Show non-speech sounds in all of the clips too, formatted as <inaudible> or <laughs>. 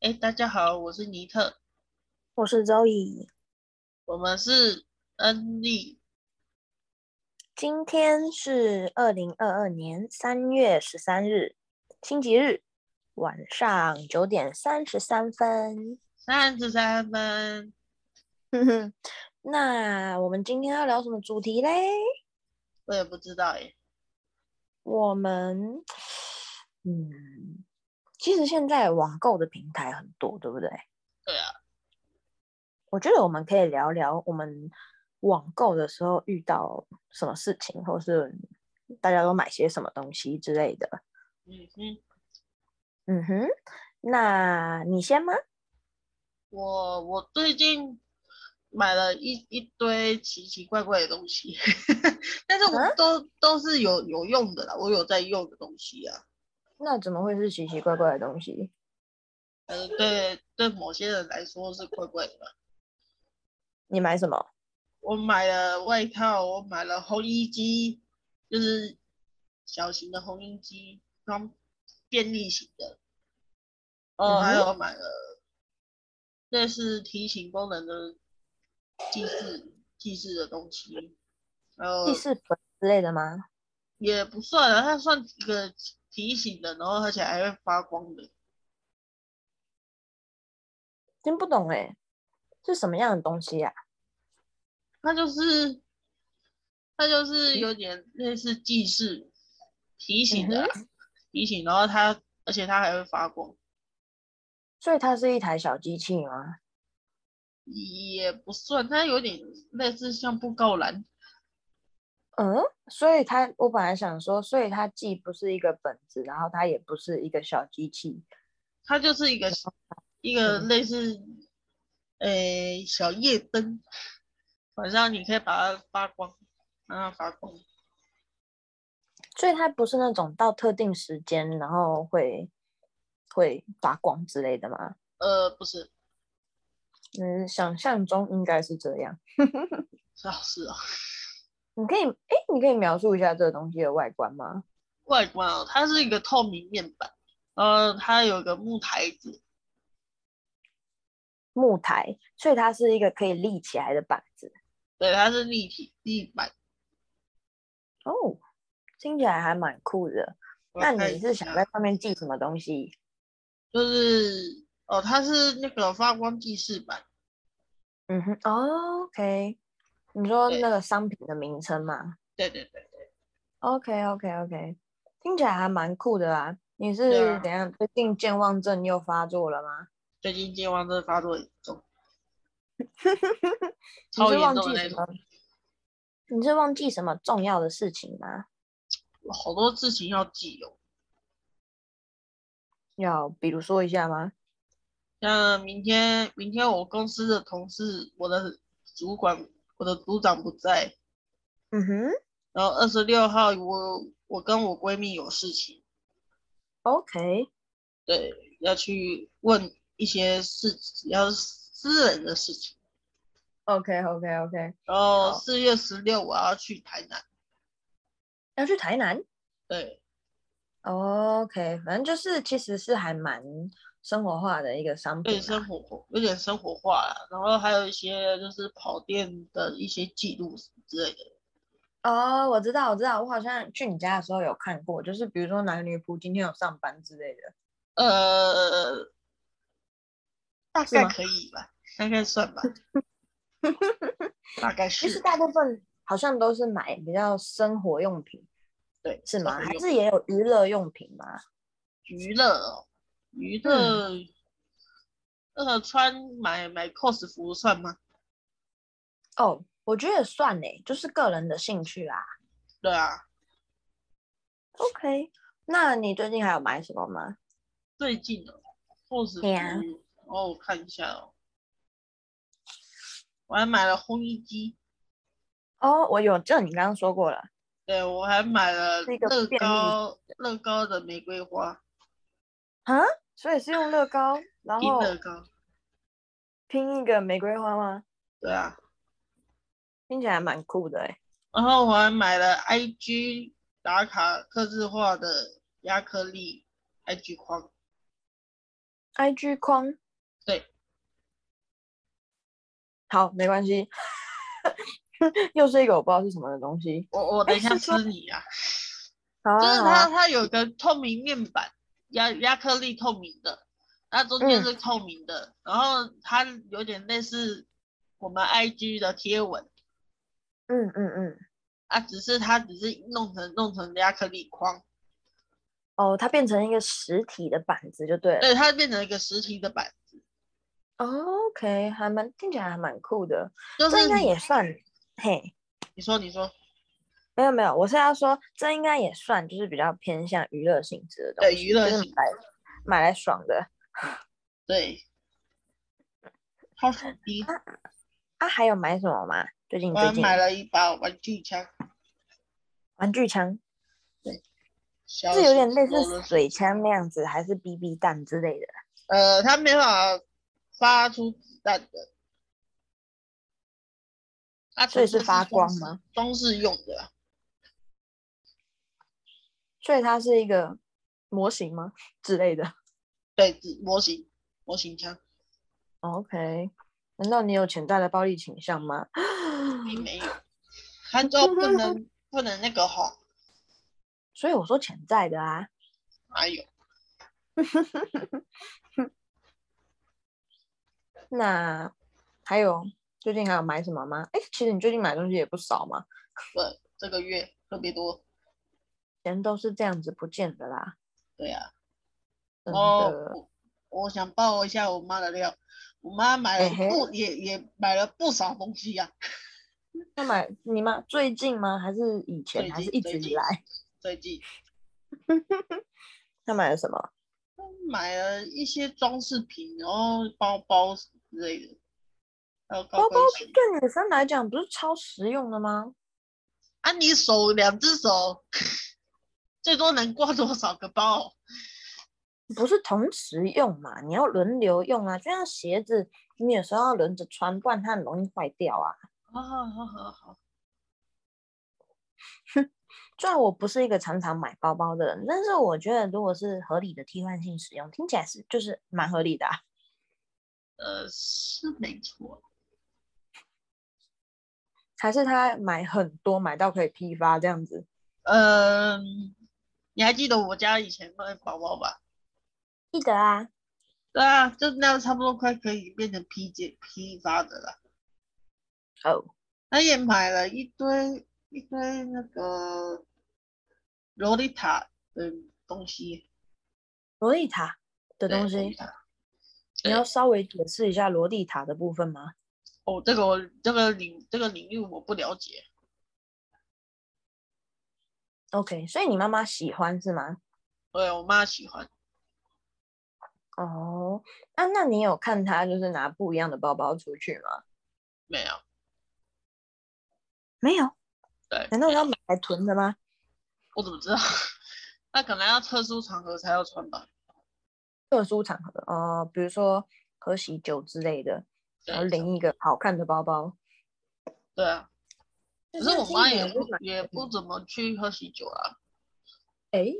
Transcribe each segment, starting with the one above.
哎，大家好，我是尼特，我是周穎，我們是恩利。今天是二零二二年三月十三日，星期日，晚上九點三十三分。三十三分， <laughs> 那我們今天要聊什麼主題嘞？我也不知道耶。我們，嗯，其實現在網購的平台很多，對不對？對啊。我覺得我們可以聊聊我們網購的時候遇到什麼事情，或是大家都買些什麼東西之類的。嗯哼。嗯哼，那你先嗎？我我最近。買了一一堆奇奇怪怪的東西， <laughs> 但是我都、啊、都是有有用的啦，我有在用的東西啊。那怎麼會是奇奇怪怪的東西？呃、嗯，對對，某些人來說是怪怪的。你買什麼？我買了外套，我買了紅衣機，就是小型的紅衣機，然便利型的。哦，嗯、還有買了這是提醒功能的。記事、記事的東西，然後記事本之類的嗎？也不算啊，它算一個提醒的，然後而且還會發光的。聽不懂哎、欸，是什麼樣的東西呀、啊？它就是它就是有點類似記事、嗯、提醒的、啊、提醒，然後它而且它還會發光，所以它是一台小機器嗎？也不算，它有點類似像布告欄。嗯，所以它，我本來想說，所以它既不是一個本子，然後它也不是一個小機器，它就是一個、嗯、一個類似，欸、小夜燈。晚上你可以把它發光，讓它發光。所以它不是那種到特定時間，然後會會發光之類的嗎？呃，不是。嗯，想象中應該是這樣， <laughs> 是啊是啊。你可以，哎、欸，你可以描述一下這個東西的外觀嗎？外觀啊、哦，它是一個透明面板、呃，它有一個木台子，木台，所以它是一個可以立起來的板子。對，它是立體立板。哦，聽起來還蠻酷的。那你是想在上面記什麼東西？就是。哦，它是那個發光記事板。嗯哼、哦、，OK。你說那個商品的名稱嗎？對對對對，對，OK OK OK，聽起來還蠻酷的啦。你是、啊、等下最近健忘症又發作了嗎？最近健忘症發作了， <laughs> 你是忘記什麼？你是忘記什麼重要的事情嗎？好多事情要記哦。要，比如說一下嗎？像明天，明天我公司的同事，我的主管，我的組長不在，嗯哼。然後二十六號我，我我跟我閨蜜有事情，OK。對，要去問一些事，要私人的事情。OK，OK，OK okay, okay, okay.。然後四月十六我要去台南，要去台南？對。OK，反正就是，其實是還蠻生活化的一個商品，啊，有點生活，有點生活化了，啊。然後還有一些就是跑店的一些記錄之類的。哦，我知道，我知道，我好像去你家的時候有看過，就是比如說男女僕今天有上班之類的。呃，大概可以吧，大概算吧， <laughs> 大概是。其、就、實、是、大部分好像都是買比較生活用品，對，是嗎？還是也有娛樂用品嗎？娛樂。哦。娛樂、嗯，那個穿買買 cos 服算嗎？哦、oh,，我覺得也算哎，就是個人的興趣啦、啊。對啊。OK，那你最近還有買什麼嗎？最近的、哦、cos 服、啊，哦，我看一下哦，我還買了烘衣機。哦、oh,，我有，這你剛剛說過了。對，我還買了樂高，個樂高的玫瑰花。啊！所以是用樂高，然後拼樂高，拼一個玫瑰花嗎？對啊，聽起來蠻酷的、欸、然後我還買了 IG 打卡、客製化的壓克力 IG 框，IG 框，對，好，沒關係， <laughs> 又是一個我不知道是什麼的東西。我我等一下吃你啊， <laughs> 好啊好啊，就是它，它有個透明面板。壓壓克力透明的，那中間是透明的，嗯，然後它有點類似我們 IG 的貼文。嗯嗯嗯，啊，只是它只是弄成弄成壓克力框。哦，它變成一個實體的板子就對了。對，它變成一個實體的板子。哦，OK，還蠻聽起來還蠻酷的，就是這應該也算。嘿，你說你說。沒有沒有，我是要說，這應該也算，就是比較偏向娛樂性質的東西。對，娛樂性、就是、買，買來爽的。對，好爽的。啊？還有買什麼嗎？最近最近買了一把玩具槍。玩具槍，對，是有點類似水槍那樣子，還是 BB 彈之類的？呃，它沒法發出子彈的。啊，所以是發光嗎？裝飾用的。所以它是一個模型嗎之類的？對，模型模型槍。OK，難道你有潛在的暴力傾向嗎？你沒有，按照不能 <laughs> 不能那個哈。所以我說潛在的啊，哪有？ <laughs> 那還有最近還有買什麼嗎？哎、欸，其實你最近買東西也不少嘛。對，這個月特別多。都是這樣子，不見得啦。對呀、啊，哦，我，我想抱一下我媽的料。我媽買了不、欸、也也買了不少東西呀、啊？買你媽最近嗎？還是以前？還是一直以來？最近。呵 <laughs> 她買了什麼？買了一些裝飾品，然後包包之類的。包包對女生來講不是超實用的嗎？啊，你手兩只手。最多能掛多少個包？不是同時用嘛？你要輪流用啊，就像鞋子，你有時候要輪着穿，不然它很容易壞掉啊。好好好好好。哼， <laughs> 雖然我不是一個常常買包包的人，但是我覺得如果是合理的替換性使用，聽起來是就是蠻合理的。啊。呃，是沒錯。還是他買很多，買到可以批發這樣子？嗯、呃。你還記得我家以前賣包包吧？記得啊，對啊，就那樣，差不多快可以變成披肩批發的了。哦，他也買了一堆一堆那個洛麗塔的東西，洛麗塔的東西。你要稍微解釋一下洛麗塔的部分嗎？欸、哦，這個這個領這個領域我不了解。OK，所以你媽媽喜歡是嗎？對，我媽喜歡。哦，那那你有看她就是拿不一樣的包包出去嗎？沒有，沒有。對，難、欸、道要買來囤的嗎？我怎麼知道？ <laughs> 那可能要特殊場合才要穿吧。特殊場合哦、呃，比如說喝喜酒之類的，然後拎一個好看的包包。對啊。可是我媽也不，媽也，不也不怎麼去喝喜酒啊，哎，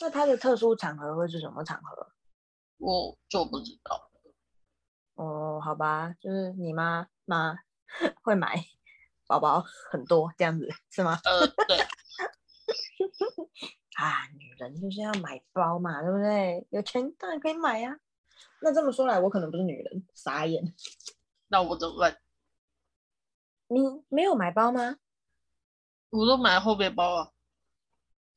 那她的特殊場合會是什麼場合？我就不知道。哦，好吧，就是你媽媽會買包包很多這樣子是嗎？呃、對。 <laughs> 啊，女人就是要買包嘛，對不對？有錢當然可以買呀，啊。那這麼說來，我可能不是女人，傻眼。那我怎麼辦？你沒有買包嗎？我都買了後背包啊。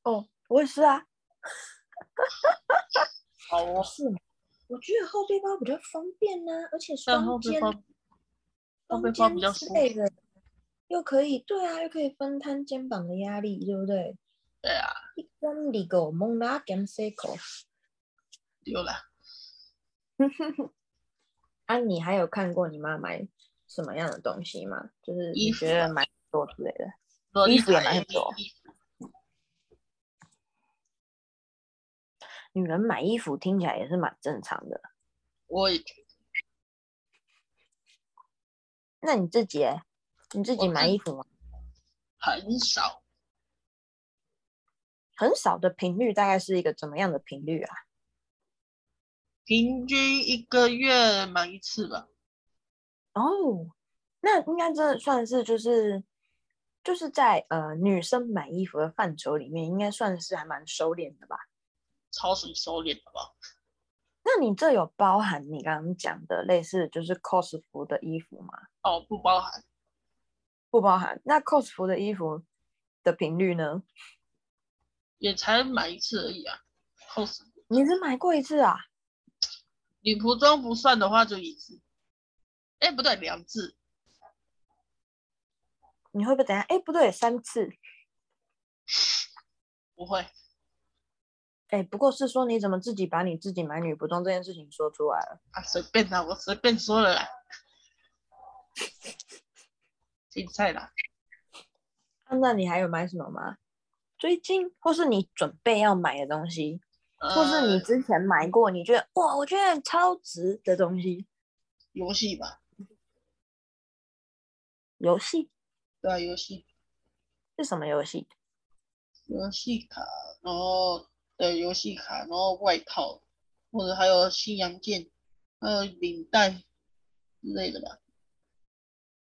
哦、oh，我也是啊。 <laughs> 好哦、啊。是嗎？我覺得後背包比較方便呢、啊，而且雙肩，雙肩比較舒服。又可以，對啊，又可以分攤肩膀的壓力，對不對？對啊。有了。啊，你還有看過你媽買？什麼樣的東西嘛，就是你覺得蠻多之類的，衣服、啊、買衣服也蠻多買。女人買衣服聽起來也是蠻正常的。我也。那你自己，你自己買衣服嗎？很少。很少的頻率大概是一個怎麼樣的頻率啊？平均一個月買一次吧。哦，那應該這算是就是就是在呃女生買衣服的範疇裡面，應該算是還蠻收斂的吧，超少收斂的吧？那你這有包含你剛剛講的類似就是 cos 服的衣服嗎？哦，不包含，不包含。那 cos 服的衣服的頻率呢？也才買一次而已啊，cos 你是買過一次啊？女僕裝不算的話，就一次。哎、欸，不對，兩次。你會不會等下？哎、欸，不對，三次。不會。哎、欸，不過是說，你怎麼自己把你自己買女僕裝這件事情說出來了？啊，隨便啦，我隨便說了啦。精彩啦。那你還有買什麼嗎？最近，或是你準備要買的東西，呃、或是你之前買過你覺得哇，我覺得很超值的東西？遊戲吧。遊戲，對啊，遊戲是什麼遊戲？遊戲卡，然後對，遊戲卡，然後外套，或者還有西洋劍，還有領帶之類的吧。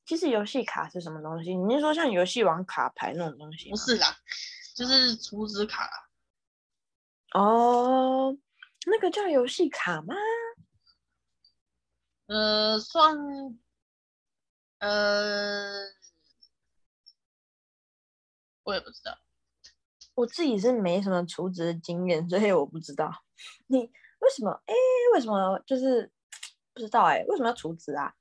其實遊戲卡是什麼東西？你是說像遊戲王卡牌那種東西？不是啦，就是儲值卡。哦，那個叫遊戲卡嗎？呃，算。呃，我也不知道，我自己是沒什麼儲值的經驗，所以我不知道。你為什麼？哎、欸，為什麼？就是不知道，哎、欸，為什麼要儲值啊？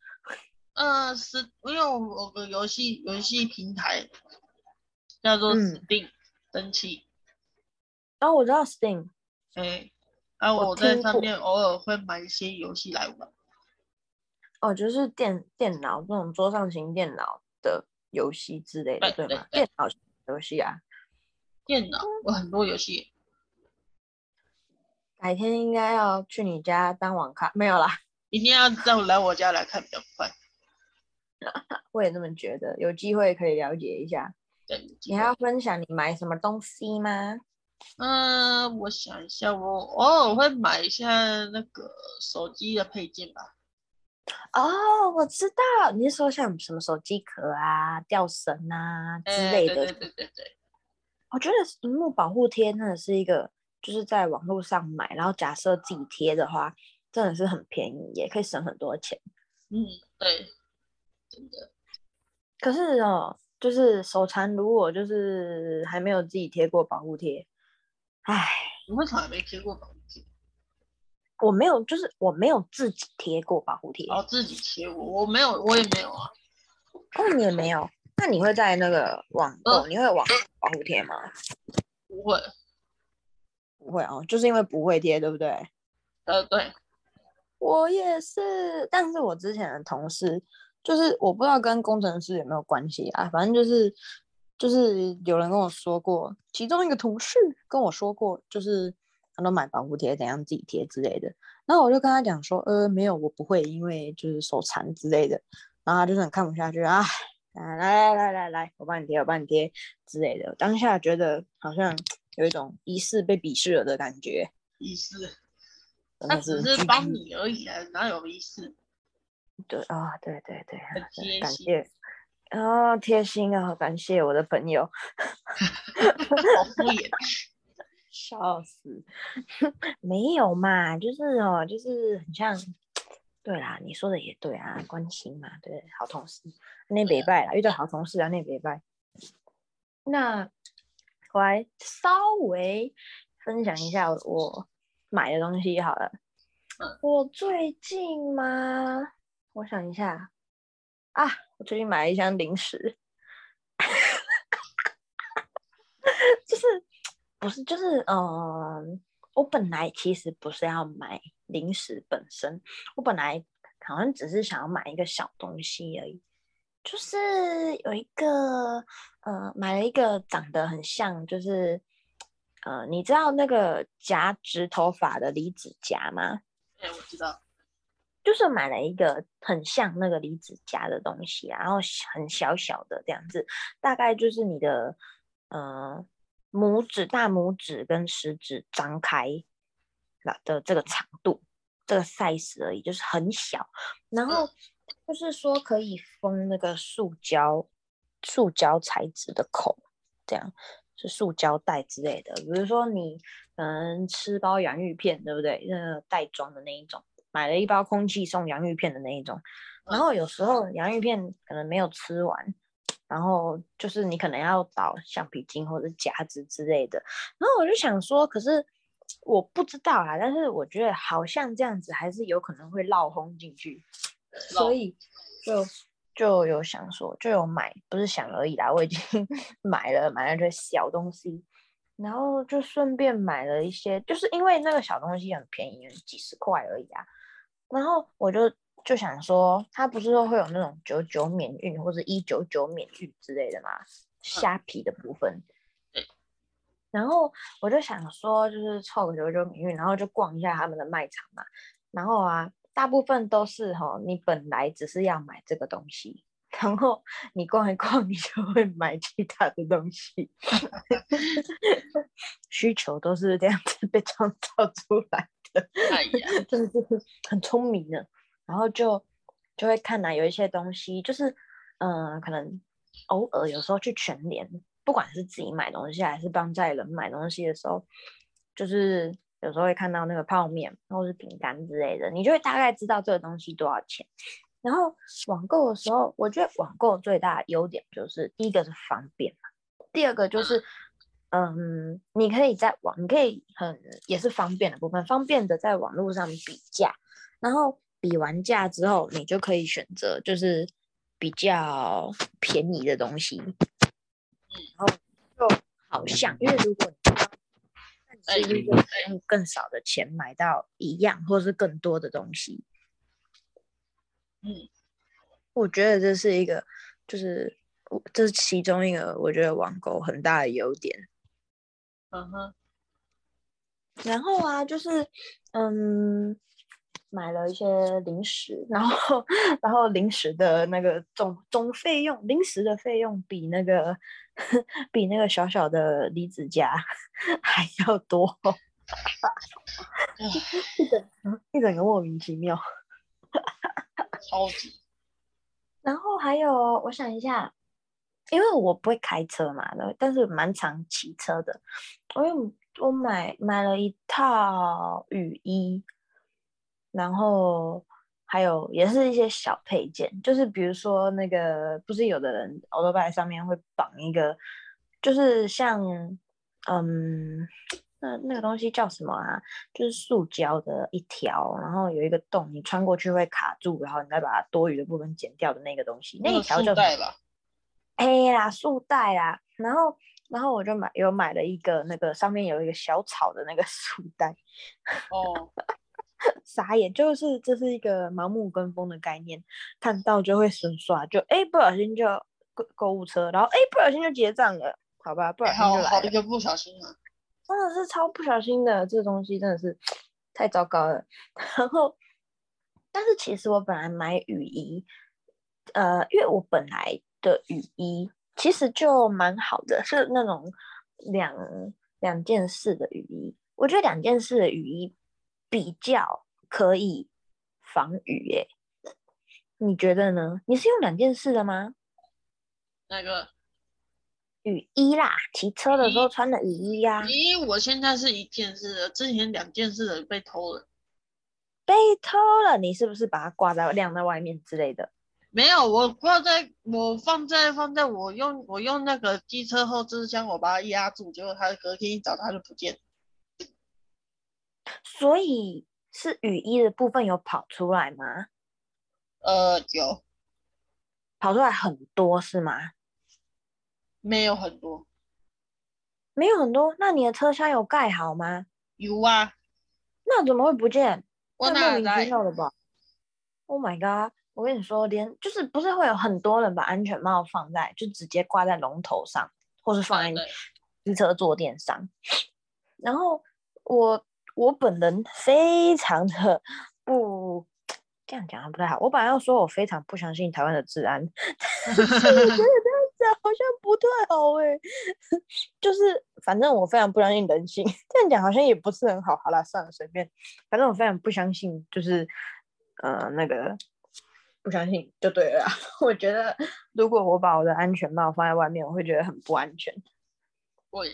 呃，是因為我們有個遊戲遊戲平台叫做 Steam，蒸汽。哦，我知道 Steam。哎、欸，然、啊、後我在上面偶爾會買一些遊戲來玩。哦，就是電電腦這種桌上型電腦的遊戲之類的，對，對嗎？對？電腦遊戲啊，電腦有很多遊戲。改天應該要去你家當網咖，沒有啦，一定要再來我家來看比較快。 <laughs> 我也這麼覺得，有機會可以了解一下對。你還要分享你買什麼東西嗎？嗯，我想一下我、哦，我偶爾會買一下那個手機的配件吧。哦，我知道，你是說像什麼手機殼啊、吊繩啊之類的。欸、對對對，對，對我覺得螢幕保護貼那是一個，就是在網絡上買，然後假設自己貼的話，真的是很便宜，也可以省很多錢。嗯，嗯對，真的。可是哦，就是手殘如我，如果就是還沒有自己貼過保護貼，哎，我從來沒貼過保護貼。我沒有，就是我沒有自己貼過保護貼。哦、啊，自己貼過我我沒有，我也沒有啊。哦，你也沒有？那你會在那個網購、呃？你會網保護貼嗎？不會，不會啊、哦，就是因為不會貼，對不對？呃，對。我也是，但是我之前的同事，就是我不知道跟工程師有沒有關係啊，反正就是就是有人跟我說過，其中一個同事跟我說過，就是。都買防護貼，怎樣自己貼之類的。然後我就跟他講說，呃，沒有，我不會，因為就是手殘之類的。然後他就是很看不下去，啊，來來來來來，我幫你貼，我幫你貼之類的。我當下覺得好像有一種疑似被鄙視了的感覺。疑似？那只是幫你而已啊，哪有疑似？對啊、哦，對對對，很貼心啊，感謝，哦、貼心啊，感謝我的朋友。哈哈哈。好敷衍笑死，沒有嘛，就是哦，就是很像，對啦，你說的也對啊，關心嘛，對，好同事那別拜啦，遇到好同事那念別拜。那我來稍微分享一下我買的東西好了。我最近嘛，我想一下，啊，我最近買了一箱零食， <laughs> 就是。不是，就是，嗯、呃，我本來其實不是要買零食本身，我本來好像只是想要買一個小東西而已，就是有一個，呃，買了一個長得很像，就是，呃，你知道那個夾直頭髮的離子夾嗎？對、嗯，我知道，就是買了一個很像那個離子夾的東西，然後很小小的這樣子，大概就是你的，嗯、呃。拇指、大拇指跟食指張開了的這個長度，這個 size 而已，就是很小。然後就是說可以封那個塑膠、塑膠材質的口，這樣是塑膠袋之類的。比如說你嗯吃包洋芋片，對不對？那個袋裝的那一種，買了一包空氣送洋芋片的那一種。然後有時候洋芋片可能沒有吃完。然後就是你可能要找橡皮筋或者夾子之類的，然後我就想說，可是我不知道啊，但是我覺得好像這樣子還是有可能會落空進去，所以就就有想說就有買，不是想而已啦，我已經買了買了這小東西，然後就順便買了一些，就是因為那個小東西很便宜，有幾十塊而已啊，然後我就。就想說，他不是說會有那種九九免運或者一九九免運之類的嗎？蝦皮的部分，然後我就想說，就是湊個九九免運，然後就逛一下他們的賣場嘛。然後啊，大部分都是哈，你本來只是要買這個東西，然後你逛一逛，你就會買其他的東西。 <laughs> 需求都是這樣子被創造出來的，哎呀，真的就是很聰明的。然後就就會看到有一些東西就是，嗯、呃，可能偶爾有時候去全聯，不管是自己買東西還是幫家人買東西的時候，就是有時候會看到那個泡面或是餅乾之類的，你就會大概知道這個東西多少錢。然後網購的時候，我覺得網購最大的優點就是，第一個是方便嘛，第二個就是，嗯，你可以在網，你可以很也是方便的部分，方便的在網絡上比價，然後。比完價之後，你就可以選擇就是比較便宜的東西，然後就好像，因為如果你用，哎、更少的錢買到一樣，或是更多的東西，嗯，我覺得這是一個，就是這是其中一個，我覺得網購很大的優點。Uh-huh. 然後啊，就是嗯。買了一些零食，然後，然後零食的那個總總費用，零食的費用比那個比那個小小的離子夾還要多、哦，一 <laughs> 整、嗯、整個莫名其妙，超級。然後還有，我想一下，因為我不會開車嘛，但是蠻常騎車的，我有我買買了一套雨衣。然後還有也是一些小配件，就是比如說那個，不是有的人歐朵拜上面會綁一個，就是像嗯，那那個東西叫什麼啊？就是塑膠的一條，然後有一個洞，你穿過去會卡住，然後你再把它多餘的部分剪掉的那個東西，那，個、那一條就帶吧。哎、欸、呀，束帶啦。然後然後我就買，有買了一個那個上面有一個小草的那個束帶。哦。 <laughs> 傻眼，就是這是一個盲目跟風的概念，看到就會順刷，就誒、欸、不小心就購購物車，然後誒、欸、不小心就結賬了，好吧，不小心就來了、欸。好，好一個不小心了。真的是超不小心的，這個、東西真的是太糟糕了。然後，但是其實我本來買雨衣，呃，因為我本來的雨衣其實就蠻好的，是那種兩兩件式的雨衣，我覺得兩件式的雨衣。比較可以防雨耶、欸？你覺得呢？你是用兩件式的嗎？那個雨衣啦，騎車的時候穿的雨衣呀、啊。咦，我現在是一件式的，之前兩件式被偷了。被偷了？你是不是把它掛在晾在外面之類的？沒有，我掛在我放在放在我用我用那個機車後置箱，我把它壓住，結果它隔天一早它就不見了。所以是雨衣的部分有跑出來嗎？呃，有，跑出來很多是嗎？沒有很多，沒有很多。那你的車廂有蓋好嗎？有啊，那怎麼會不見？我哪有在吧？Oh my god！我跟你說，連就是不是會有很多人把安全帽放在，就直接掛在龍頭上，或是放在你機車坐墊上，然後我。我本人非常的不、嗯、這樣講，不太好。我本來要說我非常不相信台灣的治安， <laughs> 但是我覺得這樣講好像不太好哎。就是反正我非常不相信人性，這樣講好像也不是很好。好啦，算了，隨便。反正我非常不相信，就是呃那個不相信就對了、啊。我覺得如果我把我的安全帽放在外面，我會覺得很不安全。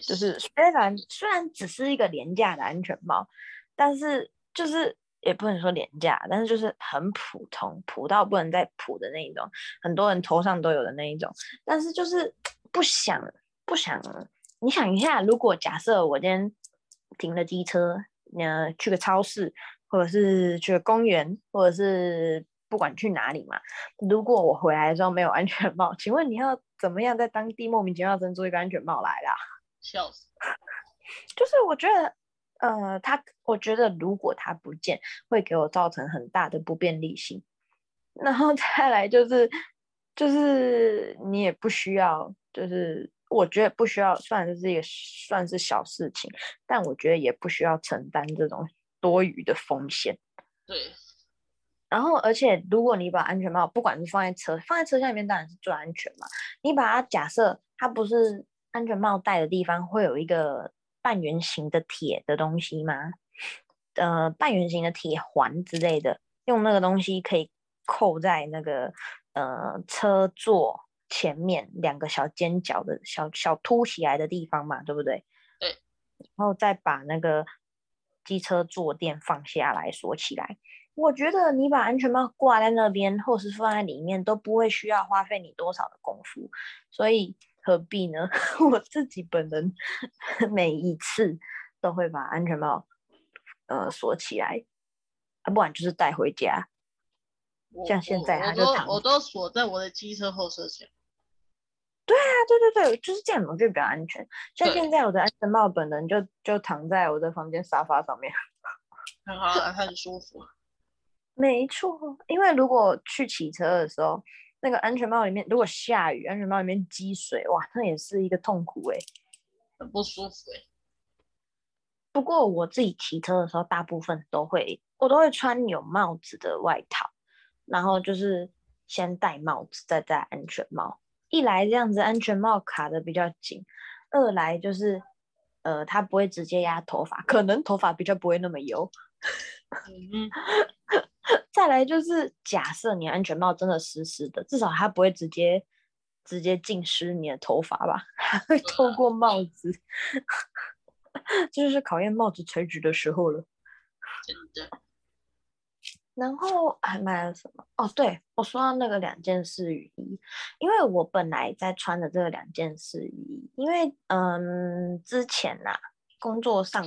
就是雖然雖然只是一個廉價的安全帽，但是就是也不能說廉價，但是就是很普通，普到不能再普的那一種，很多人頭上都有的那一種。但是就是不想不想，你想一下，如果假設我今天停了機車，你要去個超市，或者是去個公園，或者是不管去哪裡嘛，如果我回來的時候沒有安全帽，請問你要怎麼樣在當地莫名其妙生出一個安全帽來啦、啊？笑死，就是我覺得，呃，他我覺得如果他不見，會給我造成很大的不便利性。然後再來就是，就是你也不需要，就是我覺得不需要，算是也算是小事情，但我覺得也不需要承擔這種多餘的風險。對。然後，而且如果你把安全帽不管是放在車放在車廂裡面，當然是最安全嘛。你把它假設它不是。安全帽戴的地方會有一個半圓形的鐵的東西嗎？呃，半圓形的鐵環之類的，用那個東西可以扣在那個呃車座前面兩個小尖角的小小凸起來的地方嘛，對不對？對。然後再把那個機車坐墊放下來鎖起來。我覺得你把安全帽掛在那邊或是放在裡面都不會需要花費你多少的功夫，所以。何必呢？我自己本人每一次都會把安全帽呃鎖起來，啊、不管就是帶回家。像現在，在我我，我都我都鎖在我的機車後車箱。對啊，對對對，就是這樣我就比較安全。像現在我的安全帽本人就就躺在我的房間沙發上面，很、 <laughs> 嗯、好、啊，很舒服。沒錯，因為如果去騎車的時候。那個安全帽裡面，如果下雨，安全帽裡面積水，哇，那也是一個痛苦哎，很不舒服哎。不過我自己騎車的時候，大部分都會，我都會穿有帽子的外套，然後就是先戴帽子，再戴安全帽。一來這樣子安全帽卡得比較緊，二來就是，呃，它不會直接壓頭髮，可能頭髮比較不會那麼油。嗯 <laughs> 再來就是假設你安全帽真的濕濕的，至少它不會直接直接浸濕你的頭髮吧？還會 <laughs> 透過帽子，這 <laughs> 就是考驗帽子垂直的時候了。真的。然後還買了什麼？哦，對，我說到那個兩件式雨衣，因為我本來在穿的這個兩件式雨衣，因為嗯，之前吶、啊、工作上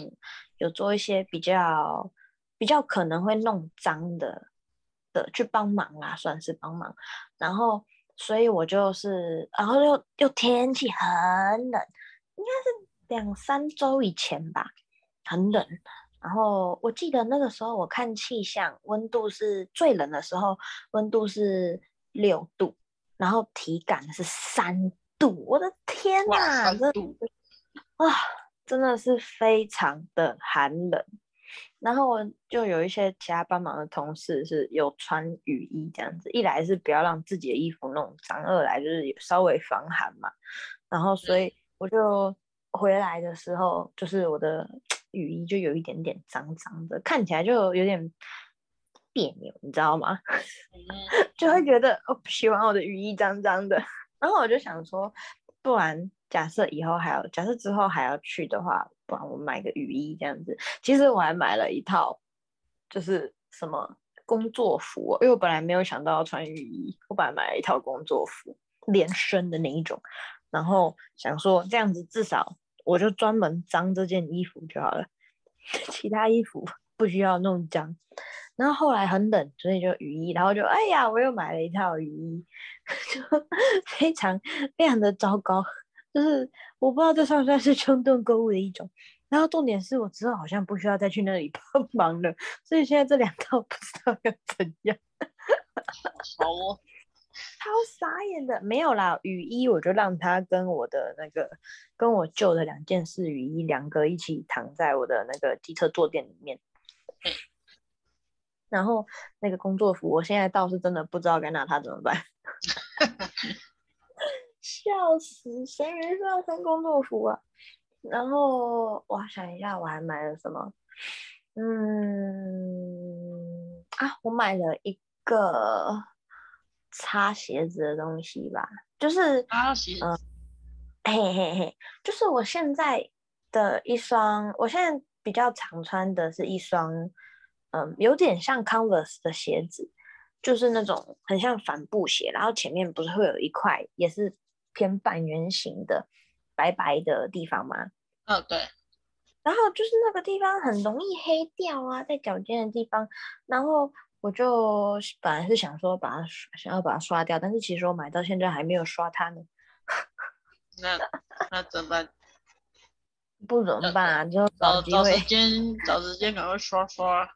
有做一些比較。比較可能會弄髒的的去幫忙啦、啊，算是幫忙。然後，所以我就是，然、啊、後又又天氣很冷，應該是兩三周以前吧，很冷。然後我記得那個時候我看氣象，溫度是最冷的時候，溫度是六度，然後體感是三度。我的天吶、啊，哇，三度，真、啊，真的是非常的寒冷。然後我就有一些其他幫忙的同事是有穿雨衣這樣子，一來是不要讓自己的衣服弄髒，二來就是稍微防寒嘛。然後所以我就回來的時候，就是我的雨衣就有一點點髒脏的，看起來就有點別扭，你知道嗎？ <laughs> 就會覺得我、哦、不喜歡我的雨衣髒脏的。然後我就想說，不然假設以後還要假設之後還要去的話。我買個雨衣這樣子。其實我還買了一套，就是什麼工作服，因為我本來沒有想到要穿雨衣，我本來買了一套工作服，連身的那一種，然後想說這樣子至少我就專門髒這件衣服就好了，其他衣服不需要弄髒。然後後來很冷，所以就雨衣，然後就哎呀，我又買了一套雨衣， <laughs> 非常非常的糟糕。就是我不知道這算不算是衝動購物的一種，然後重點是我之後好像不需要再去那裡幫忙了，所以現在這兩套不知道要怎樣。 <laughs> 好哦，好傻眼的，沒有啦，雨衣我就讓他跟我的那個跟我舊的兩件式，雨衣兩個一起躺在我的那個機車坐墊裡面，然後那個工作服我現在倒是真的不知道該拿它怎麼辦。 <laughs> 笑死！誰沒事要穿工作服啊？然後我想一下，我還買了什麼？嗯，啊，我買了一個擦鞋子的東西吧，就是擦、啊、鞋子、嗯。嘿嘿嘿，就是我現在的一雙，我現在比較常穿的是一雙，嗯，有點像 Converse 的鞋子，就是那種很像帆布鞋，然後前面不是會有一塊，也是。偏半圓形的白白的地方嗎？哦，對。然後就是那個地方很容易黑掉啊，在腳尖的地方。然後我就本來是想說把它想要把它刷掉，但是其實我買到現在還沒有刷它呢。那那怎麼辦？ <laughs> 不怎麼辦啊，就找找時間，找時間趕快刷刷。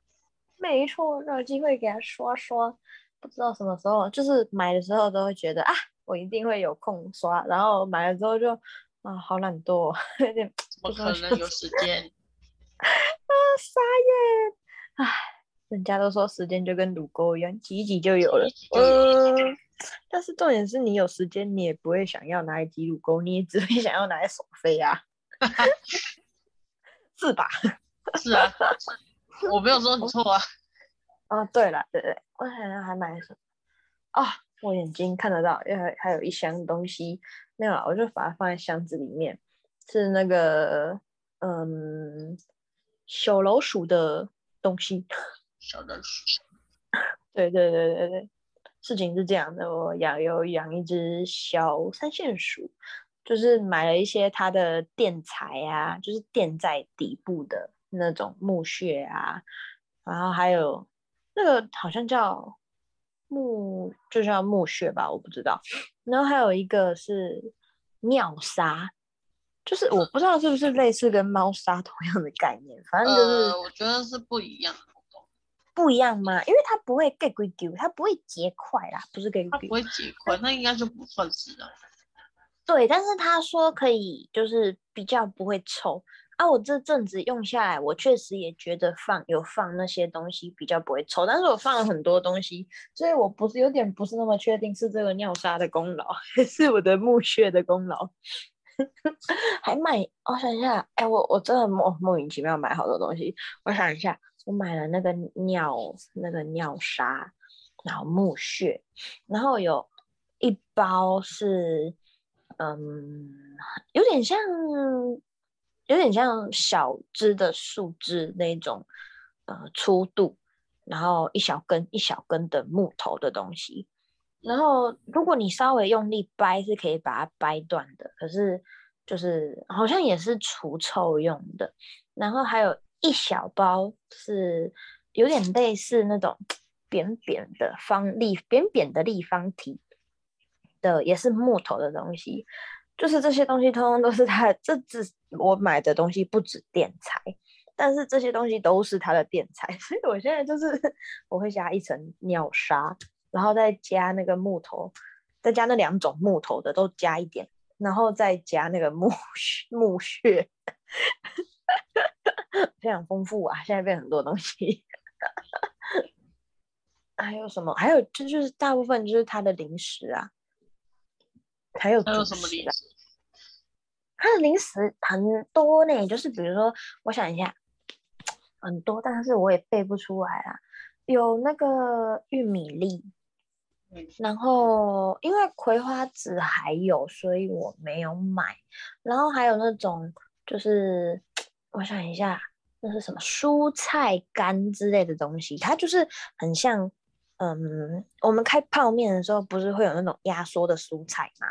沒錯，找機會給它刷刷。不知道什麼時候，就是買的時候都會覺得啊。我一定會有空刷，然後買了之後就啊，好懶惰，哦，我可能有時間 <laughs> 啊？傻眼！唉，人家都說時間就跟乳溝一樣，擠一擠就有了，擠一擠就有，嗯。但是重點是你有時間，你也不會想要拿來擠乳溝，你也只會想要拿來手飛啊， <laughs> 是吧？是啊，我沒有說你錯啊。 <laughs> 啊，對了，對對，我好像還買了什麼啊？哦我眼睛看得到，因為還，還有一箱東西，沒有，我就把它放在箱子裡面。是那個，嗯，小老鼠的東西。小老鼠。 <laughs> 對對對對對，事情是這樣的，我養有養一只小三線鼠，就是買了一些它的墊材啊，就是墊在底部的那種木屑啊，然後還有那個好像叫。木就像木屑吧，我不知道。然後還有一個是尿砂，就是我不知道是不是類似跟貓砂同樣的概念，反正就是我覺得是不一樣。不一樣嗎？因為它不會 get glue 它不會結塊啦，不是 get glue 它不會結塊，那應該就不算是的。對，但是他說可以，就是比較不會臭。啊，我這陣子用下來，我確實也覺得放有放那些東西比較不會臭，但是我放了很多東西，所以我不是有點不是那麼確定是這個尿砂的功勞，還是我的木屑的功勞？ <laughs> 還買，我想一下，哎、欸，我我真的莫莫名其妙買好多東西，我想一下，我買了那個尿那個尿砂，然後木屑，然後有一包是，嗯，有點像。有點像小枝的樹枝那種，呃，粗度，然後一小根一小根的木頭的東西，然後如果你稍微用力掰，是可以把它掰斷的，可是就是好像也是除臭用的。然後還有一小包是有點類似那種扁扁的方立，扁扁的立方體的，也是木頭的東西。就是這些東西通通都是他，這隻我買的東西不止墊材，但是這些東西都是他的墊材，所以我現在就是我會加一層尿砂，然後再加那個木頭，再加那兩種木頭的都加一點，然後再加那個木屑、木屑， <laughs> 非常豐富啊！現在變很多東西，還有什麼？還有這就是大部分就是他的零食啊。還有還有什麼零食啊？它的零食很多呢。欸，就是比如說，我想一下，很多，但是我也背不出來啦。有那個玉米粒，嗯，然後因為葵花籽還有，所以我沒有買。然後還有那種，就是我想一下，那是，就是什麼蔬菜乾之類的東西，它就是很像。嗯，我們開泡麵的時候，不是會有那種壓縮的蔬菜嗎？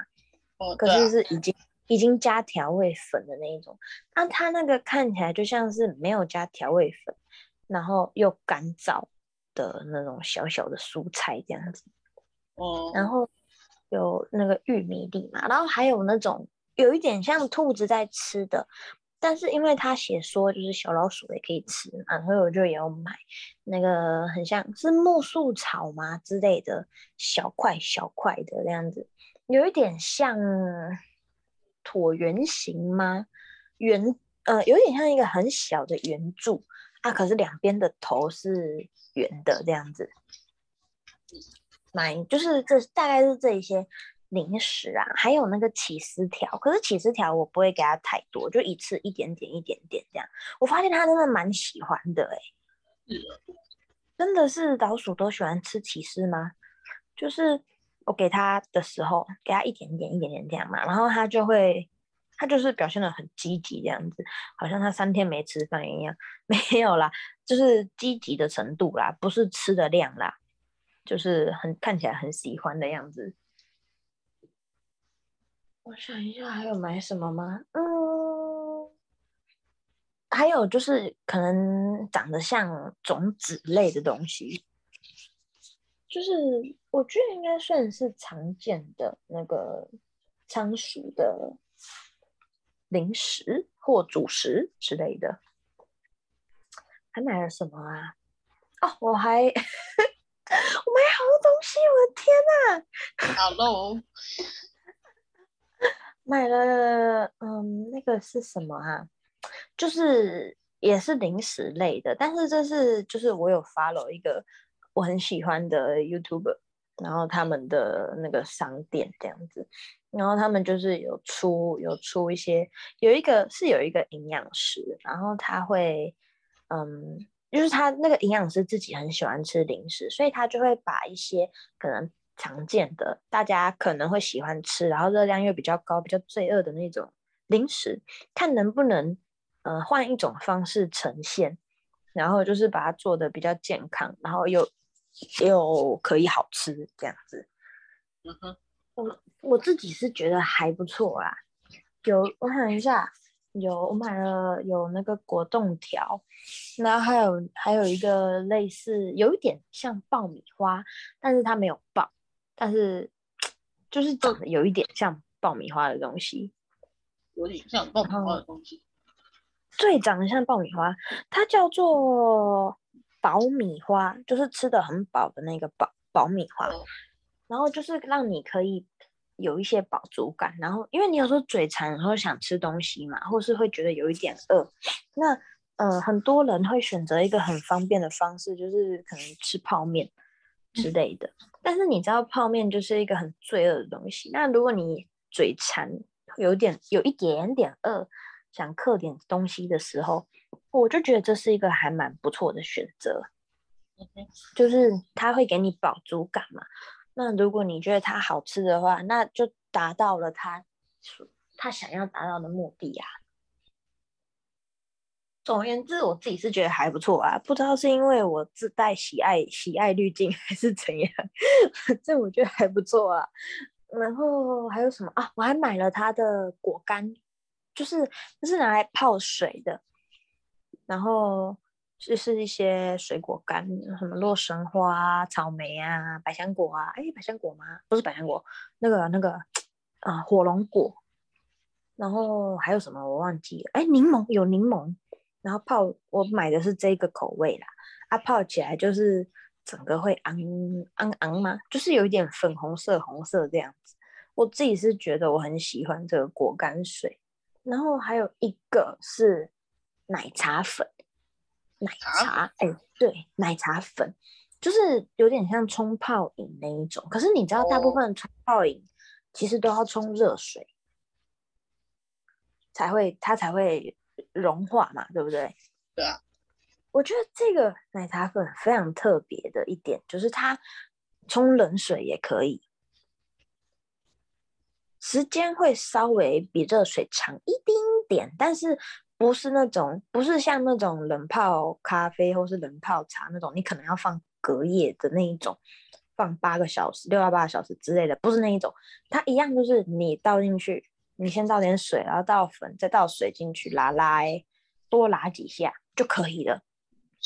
哦、oh，可是是已經已經加調味粉的那一種。那它那個看起來就像是沒有加調味粉，然後又乾燥的那種小小的蔬菜這樣子。哦、oh，然後有那個玉米粒嘛，然後還有那種有一點像兔子在吃的。但是因為他寫說就是小老鼠也可以吃嘛，所以我就也要買那個很像是木樹草嘛之類的小塊小塊的這樣子，有一點像橢圓形嗎？圓呃，有點像一個很小的圓柱啊，可是兩邊的頭是圓的這樣子。買就是這大概是這一些。零食啊，還有那個起司條，可是起司條我不會給他太多，就一次一點點一點點這樣。我發現他真的蠻喜歡的哎、欸，真的是老鼠都喜歡吃起司嗎？就是我給他的時候，給他一點點一點點這樣嘛，然後他就會，他就是表現得很積極這樣子，好像他三天沒吃飯一樣，沒有啦，就是積極的程度啦，不是吃的量啦，就是很看起來很喜歡的樣子。我想一下，還有買什麼嗎？嗯，還有就是可能長得像種子類的東西，就是我覺得應該算是常見的那個倉鼠的零食或主食之類的。還買了什麼啊？哦，我還 <laughs> 我買好多東西，我的天哪！啊！Hello。買了，嗯，那個是什麼啊？就是也是零食類的，但是這是就是我有 follow 一個我很喜歡的 YouTuber，然後他們的那個商店這樣子，然後他們就是有出有出一些，有一個是有一個營養師，然後他會，嗯，就是他那個營養師自己很喜歡吃零食，所以他就會把一些可能。常見的大家可能會喜歡吃，然後熱量又比較高、比較罪惡的那種零食，看能不能呃換一種方式呈現，然後就是把它做得比較健康，然後又又可以好吃這樣子。嗯、uh-huh.，我我自己是覺得還不錯啦、啊。有，我想一下，有我買了有那個果凍條，然後還有還有一個類似有一點像爆米花，但是它沒有爆。但是，就是有一點像爆米花的東西，有點像爆米花的東西。最長得像爆米花，它叫做“飽米花”，就是吃得很飽的那個“飽，飽米花”。然後就是讓你可以有一些飽足感。然後，因為你有時候嘴饞，然後想吃東西嘛，或是會覺得有一點餓。那呃，很多人會選擇一個很方便的方式，就是可能吃泡麵。之類的，但是你知道，泡麵就是一個很罪惡的東西。那如果你嘴饞，有點有一點點餓，想嗑點東西的時候，我就覺得這是一個還蠻不錯的選擇。就是它會給你飽足感嘛。那如果你覺得它好吃的話，那就達到了它它想要達到的目的啊。總而言之，我自己是覺得還不錯啊，不知道是因為我自帶喜愛喜愛濾鏡還是怎樣呵呵，這我覺得還不錯啊。然後還有什麼啊？我還買了它的果乾，就是就是拿來泡水的。然後就是一些水果乾，什麼洛神花、草莓啊、百香果啊，哎、欸，百香果嗎？不是百香果，那個那個啊，火龍果。然後還有什麼我忘記哎，檸檬有檸檬。然後泡，我買的是這個口味啦，啊泡起來就是整個會昂昂昂嘛，就是有一點粉紅色、紅色這樣子。我自己是覺得我很喜歡這個果乾水，然後還有一個是奶茶粉，奶茶哎、啊欸、對，奶茶粉就是有點像沖泡飲那一種。可是你知道，大部分的沖泡飲其實都要沖熱水，才會它才會。融化嘛，對不對？對啊，我覺得這個奶茶粉非常特別的一點就是，它沖冷水也可以，時間會稍微比熱水長一丁點，但是不是那種，不是像那種冷泡咖啡或是冷泡茶那種，你可能要放隔夜的那一種，放八個小時、六到八個小時之類的，不是那一種，它一樣就是你倒進去。你先倒點水，然後倒粉，再倒水進去拉拉，多拉幾下就可以了。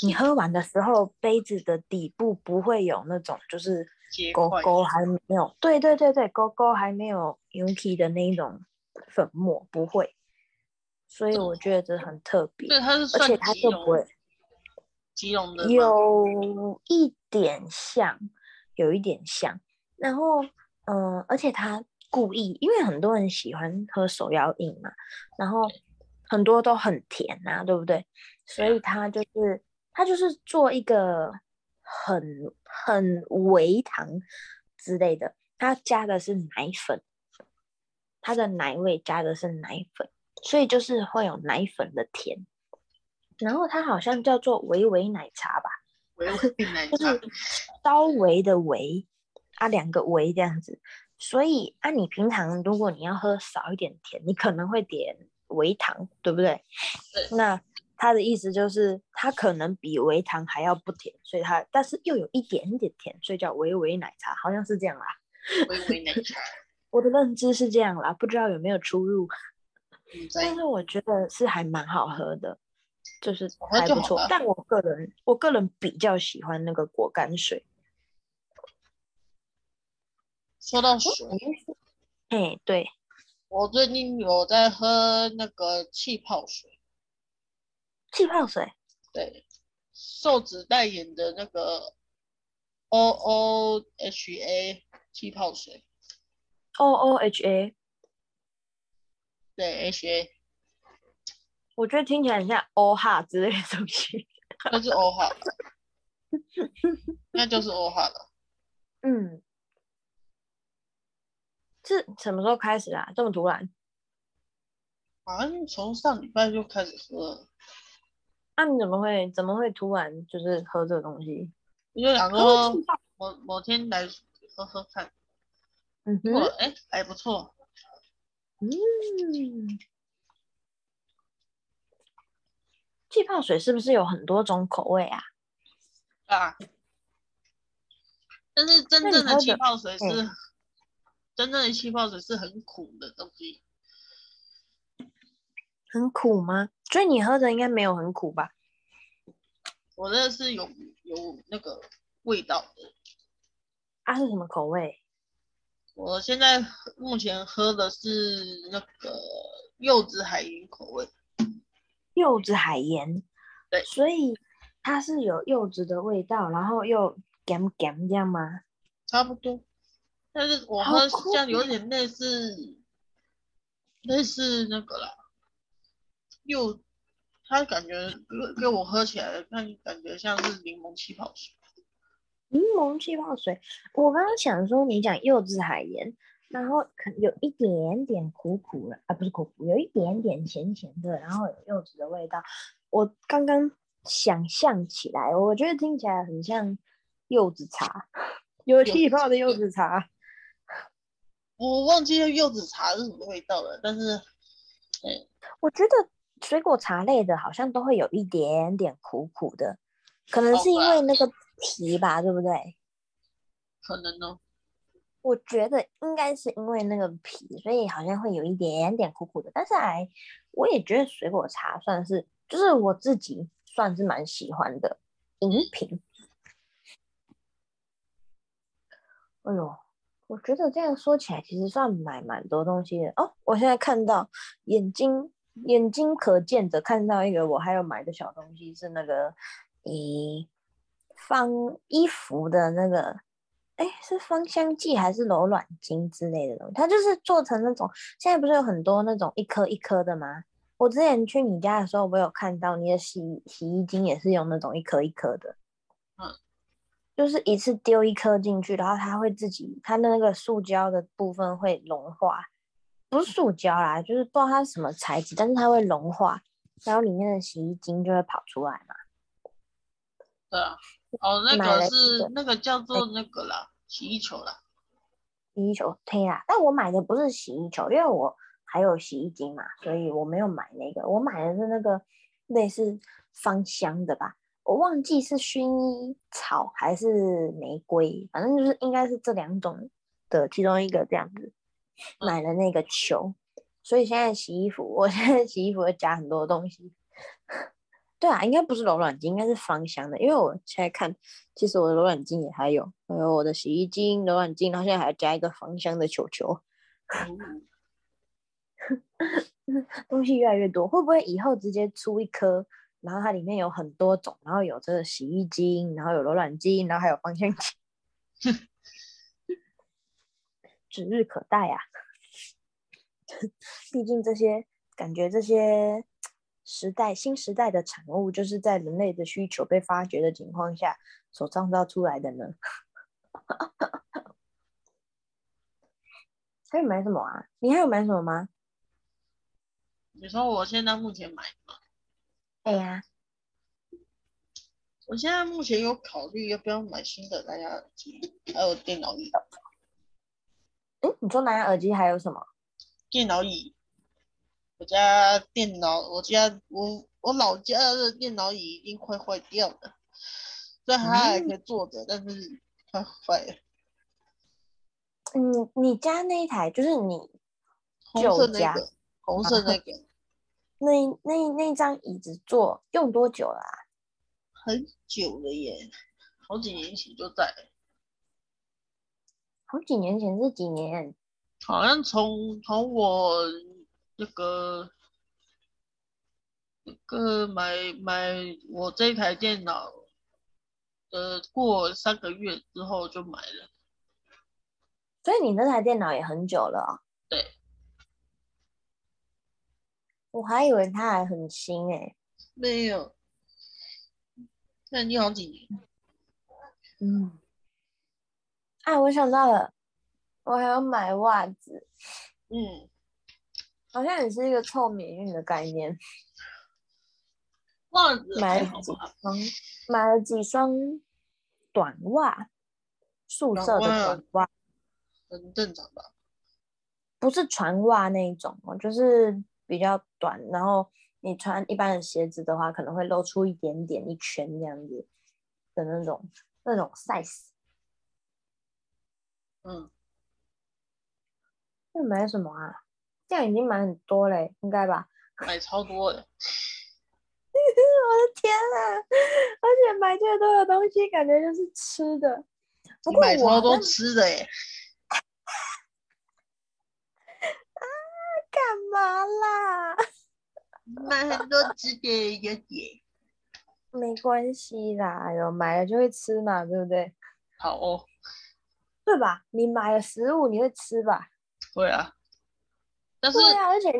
你喝完的時候，杯子的底部不會有那種就是勾勾還沒有，對對對對，勾勾還沒有 Yuki 的那一種粉末不會，所以我覺得這很特別、嗯。而且它就不會。有一點像，有一點像，然後嗯、呃，而且它。故意，因為很多人喜歡喝手搖飲嘛，然後很多都很甜吶、啊，對不對？所以他就是他就是做一個很很微糖之類的，他加的是奶粉，它的奶味加的是奶粉，所以就是會有奶粉的甜。然後它好像叫做微微奶茶吧，微微奶茶就是稍微的微啊，兩個微這樣子。所以按、啊、你平常如果你要喝少一點甜，你可能會點微糖，對不對？對，那他的意思就是，它可能比微糖還要不甜，所以它但是又有一點一點甜，所以叫微微奶茶，好像是這樣啦。微微奶茶， <laughs> 我的認知是這樣啦，不知道有沒有出入。但是我覺得是還蠻好喝的，就是還不錯。嗯、但我個人，我個人比較喜歡那個果乾水。說到水，哎，對，我最近有在喝那個氣泡水。氣泡水，對，瘦子代言的那個 O O H A 氣泡水。O O H A。對 H A。我覺得聽起來很像 OHA 之類的東西。那是 OHA。 <laughs> 那就是 OHA 了。 <laughs> 嗯。是什麼時候開始啊？這麼突然？好像從上禮拜就開始喝了。那、啊、你怎麼會怎麼會突然就是喝這個東西？我就想說，某某天來喝喝看。嗯哼，哎、欸、還不錯。嗯，氣泡水是不是有很多種口味啊？啊。但是真正的氣泡水是。嗯真正的氣泡水是很苦的東西，很苦嗎？所以你喝的應該沒有很苦吧？我這是有有那個味道的。它、啊、是什麼口味？我現在目前喝的是那個柚子海鹽口味。柚子海鹽，對。所以它是有柚子的味道，然後又鹹鹹這樣嗎？差不多。但是，我喝像有點類似，類似那個啦，又，它感覺給我喝起來，那你感覺像是檸檬氣泡水。檸檬氣泡水，我剛剛想說，你講柚子海鹽，然後可有一點點苦苦的啊，不是苦苦，有一點點鹹咸的，然後有柚子的味道。我剛剛想象起來，我覺得聽起來很像柚子茶，有氣泡的柚子茶。我忘記柚子茶是什麼的味道了，但是，哎，我覺得水果茶類的好像都會有一點點苦苦的，可能是因為那個皮吧，對不對？可能呢。我覺得應該是因為那個皮，所以好像會有一點點苦苦的。但是哎，我也覺得水果茶算是，就是我自己算是蠻喜歡的飲品。嗯，哎呦。我覺得這樣說起來，其實算買蠻多東西的哦。我現在看到眼睛眼睛可見的，看到一個我還有買的小東西是那個，衣放衣服的那個，誒，是芳香劑還是柔軟精之類的東西？它就是做成那種，現在不是有很多那種一顆一顆的嗎？我之前去你家的時候，我有看到你的洗洗衣精也是用那種一顆一顆的，嗯。就是一次丟一顆進去，然後它會自己，它的那個塑膠的部分會融化，不是塑膠啦，就是不知道它是什麼材質，但是它會融化，然後裡面的洗衣精就會跑出來嘛。對啊。哦，那個是買了個那個叫做那個了，洗衣球了。洗衣球，對呀，但我買的不是洗衣球，因為我還有洗衣精嘛，所以我沒有買那個，我買的是那個類似芳香的吧。我忘記是薰衣草還是玫瑰，反正就是應該是這兩種的其中一個這樣子，買了那個球，所以現在洗衣服，我現在洗衣服會加很多東西。對啊，應該不是柔軟巾，應該是芳香的，因為我現在看，其實我的柔軟巾也還有，還有我的洗衣巾、柔軟巾，然後現在還要加一個芳香的球球。 <laughs> 東西越來越多，會不會以後直接出一顆？然後它裡面有很多種，然後有這個洗衣精，然後有柔軟精，然後還有芳香精， <laughs> 指日可待呀、啊！ <laughs> 畢竟這些感覺這些時代新時代的產物，就是在人類的需求被發掘的情況下所創造出來的呢。 <laughs> 還有買什麼啊？你還有買什麼嗎？你說我現在目前買什麼？對呀、啊，我現在目前有考慮要不要買新的藍牙耳機，還有電腦椅。哎、嗯，你說藍牙耳機還有什麼？電腦椅，我家電腦，我家我我老家的電腦椅一定會壞掉的，雖然它還可以坐着、嗯，但是會壞了。你你家那一台就是你舊那個，紅色那個。 <laughs> 那那那張椅子坐用多久啦？很久了耶，好幾年前就在。好幾年前是幾年？好像從從我那個那個買買我這台電腦呃，過三個月之後就買了。所以你那台電腦也很久了啊？對。我還以為他還很新哎、欸，沒有，但你好幾年。嗯、哎、啊，我想到了，我還要買襪子。嗯，好像也是一個臭美運的概念。襪子買幾雙？買了幾雙短襪，素色的短襪，很、嗯、正常吧？不是船襪那一種哦，就是。比較短，然後你穿一般的鞋子的話，可能會露出一點點一圈那樣子的那種那種 size。嗯，那買什麼啊？這樣已經買很多嘞、欸，應該吧？買超多的。 <laughs> 我的天啊！而且買最多的東西，感覺就是吃的。不過我買超多吃的耶、欸！ <laughs> 幹嘛啦？買很多只給一點， <laughs> 沒關係啦，有買了就會吃嘛，對不對？好哦。對吧？你買了食物，你會吃吧？會啊。但是，對啊，而且，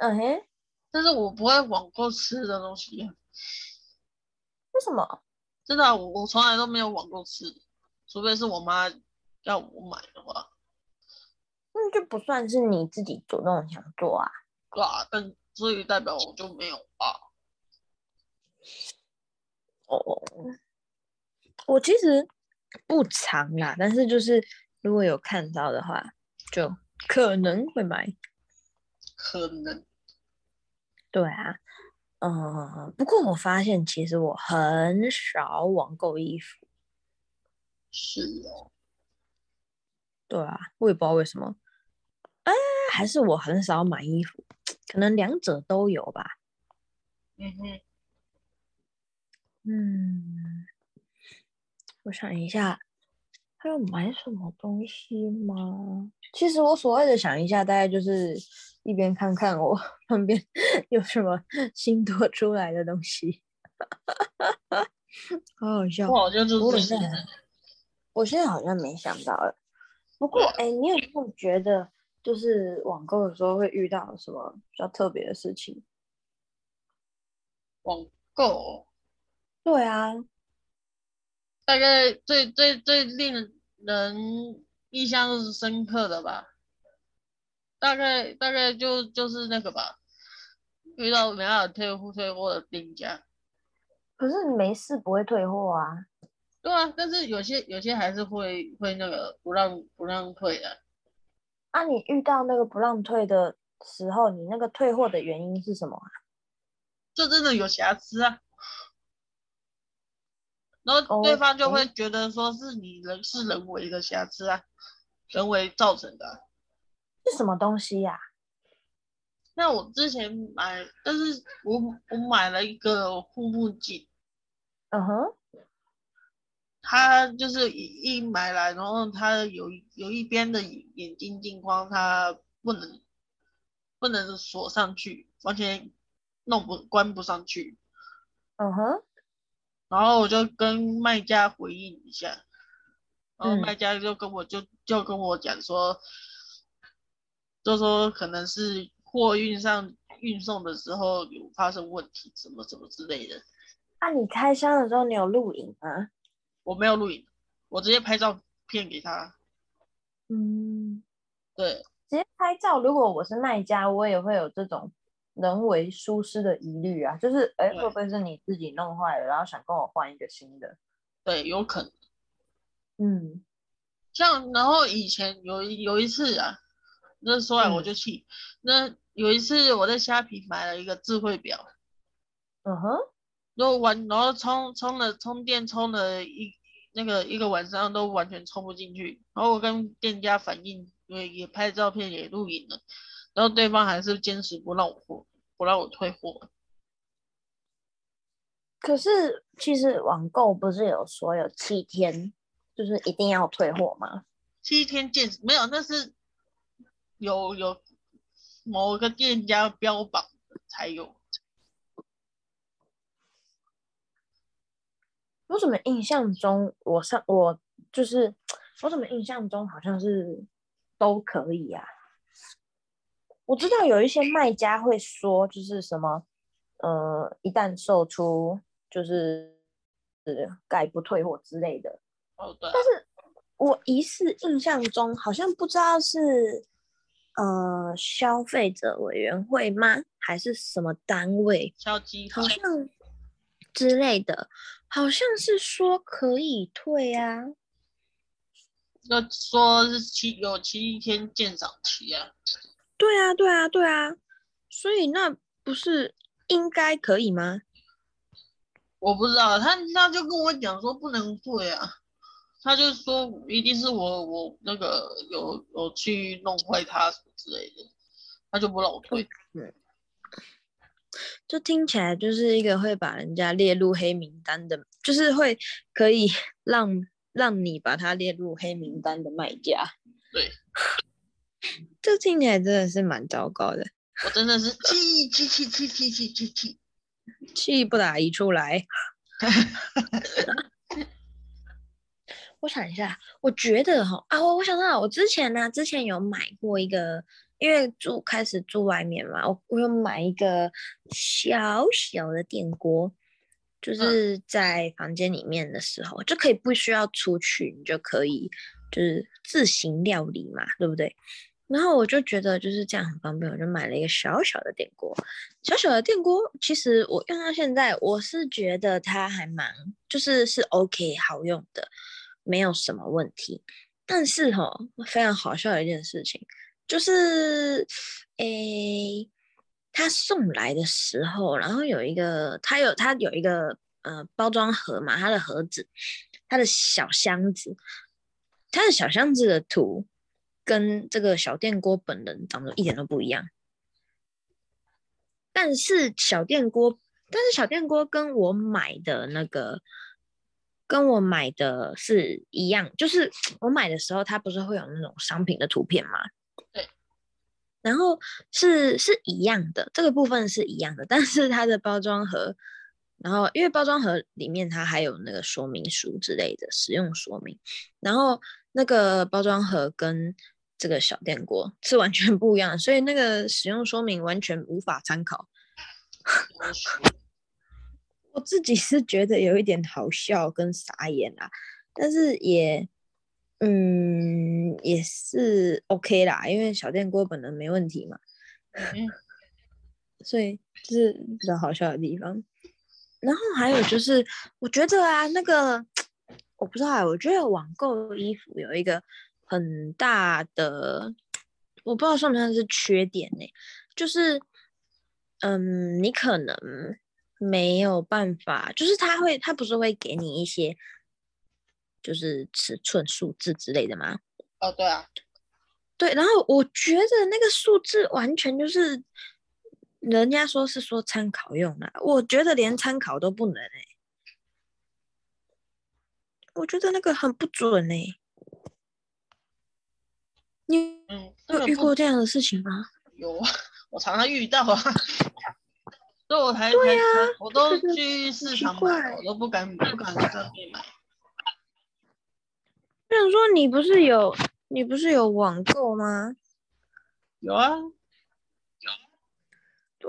嗯哼，但是我不會網購吃的東西。為什麼？真的，我我從來都沒有網購吃的，除非是我媽要我買的話。.就不算是你自己主動想做啊，對啊，但所以代表我就沒有啊。哦，我其實不常啦，但是就是如果有看到的話，就可能會買，可能。對啊，嗯、呃，不過我發現其實我很少網購衣服。是哦。對啊，我也不知道為什麼。啊，還是我很少買衣服，可能兩者都有吧。嗯，嗯，我想一下，還要買什麼東西嗎？其實我所謂的想一下，大概就是一邊看看我旁邊有什麼新多出來的東西， <laughs> 好好笑。我就是我現在，我現在好像沒想到。 <laughs> 不過，哎，你有沒有覺得？就是網購的時候會遇到什麼比較特別的事情？網購，對啊，大概最最最令人印象是深刻的吧？大概大概就就是那個吧，遇到沒辦法退貨退貨的定價。可是你沒事不會退貨啊。對啊，但是有些有些還是會會那個不讓不讓退的。那、啊、你遇到那個不讓退的時候，你那個退貨的原因是什麼啊？這真的有瑕疵啊，然後對方就會覺得說是你人是人為的瑕疵啊，人為造成的。這是什麼東西呀、啊？那我之前買，但是我我買了一個護目鏡。嗯哼。他就是一一買來，然後他有有一邊的眼鏡鏡框，他不能不能鎖上去，而且弄不關不上去。嗯哼，然後我就跟賣家回應一下，然後賣家就跟我就、嗯、就跟我講說，就說可能是貨運上運送的時候有發生問題，什麼什麼之類的。那、啊、你開箱的時候你有錄影嗎？我沒有錄影，我直接拍照片給他。嗯，對，直接拍照。如果我是賣家，我也會有這種人為疏失的疑慮啊，就是，哎、欸，會不會是你自己弄壞了，然後想跟我換一個新的？對，有可能。嗯，像，然後以前有有一次啊，那說來我就氣、嗯，那有一次我在蝦皮買了一個智慧表。嗯哼。都玩，然後充充了充電，充了一那個一個晚上都完全充不進去。然後我跟店家反映，也也拍照片也錄影了，然後對方還是堅持不讓我貨不讓我退貨。可是其實網購不是有說有七天就是一定要退貨嗎？七天見沒有，那是有有某個店家標榜才有。我怎麼印象中，我上我就是，我怎麼印象中好像是都可以啊？我知道有一些賣家會說，就是什麼，呃，一旦售出就是是概不退貨之類的。哦，對啊。但是我疑似印象中好像不知道是，呃，消費者委員會嗎？還是什麼單位？消基會，好像。之類的好像是說可以退啊，那說是七有七天鑑賞期啊，對啊對啊對啊，所以那不是應該可以嗎？我不知道，他他就跟我講說不能退啊，他就說一定是我我那個有有去弄壞它之類的，他就不讓我退，對，okay。就聽起來就是一個會把人家列入黑名單的，就是會可以讓讓你把他列入黑名單的賣家。對，這聽起來真的是蠻糟糕的。我真的是氣氣氣氣氣氣氣氣氣不打一處來。 <laughs> <laughs> <laughs> 我想一下，我覺得哈啊，我我想到我之前呢、啊，之前有買過一個。因為住，開始住外面嘛，我我有買一個小小的電鍋，就是在房間裡面的時候、嗯、就可以不需要出去，你就可以就是自行料理嘛，對不對？然後我就覺得就是這樣很方便，我就買了一個小小的電鍋。小小的電鍋其實我用到現在，我是覺得它還蠻就是是 OK 好用的，沒有什麼問題。但是哈，非常好笑的一件事情。就是誒、欸，他送來的時候，然後有一個，他有他有一個呃包裝盒嘛，他的盒子，他的小箱子，他的小箱子的圖跟這個小電鍋本人長得一點都不一樣，但是小電鍋，但是小電鍋跟我買的那個跟我買的是一樣，就是我買的時候，它不是會有那種商品的圖片嗎？然後是是一樣的，這個部分是一樣的，但是它的包裝盒，然後因為包裝盒裡面它還有那個說明書之類的使用說明，然後那個包裝盒跟這個小電鍋是完全不一樣，所以那個使用說明完全無法參考。 <laughs> 我自己是覺得有一點好笑跟傻眼啊，但是也。嗯，也是 OK 啦，因為小電鍋本來沒問題嘛，所以就是比較好笑的地方。然後還有就是，我覺得啊，那個我不知道啊，我覺得網購衣服有一個很大的，我不知道算不算是缺點呢、欸，就是嗯，你可能沒有辦法，就是他會，他不是會給你一些。就是尺寸數字之類的嗎？哦，對啊，對。然後我覺得那個數字完全就是，人家說是說參考用的，啊，我覺得連參考都不能哎，欸。我覺得那個很不準哎，欸。你有遇過這樣的事情嗎？嗯，這個，有啊，我常常遇到啊。所 <laughs> 以我才對，啊，才我都去市場買，這個，我都不敢不敢隨便買。 <laughs> 我想說，你不是有你不是有網購嗎？有啊，有。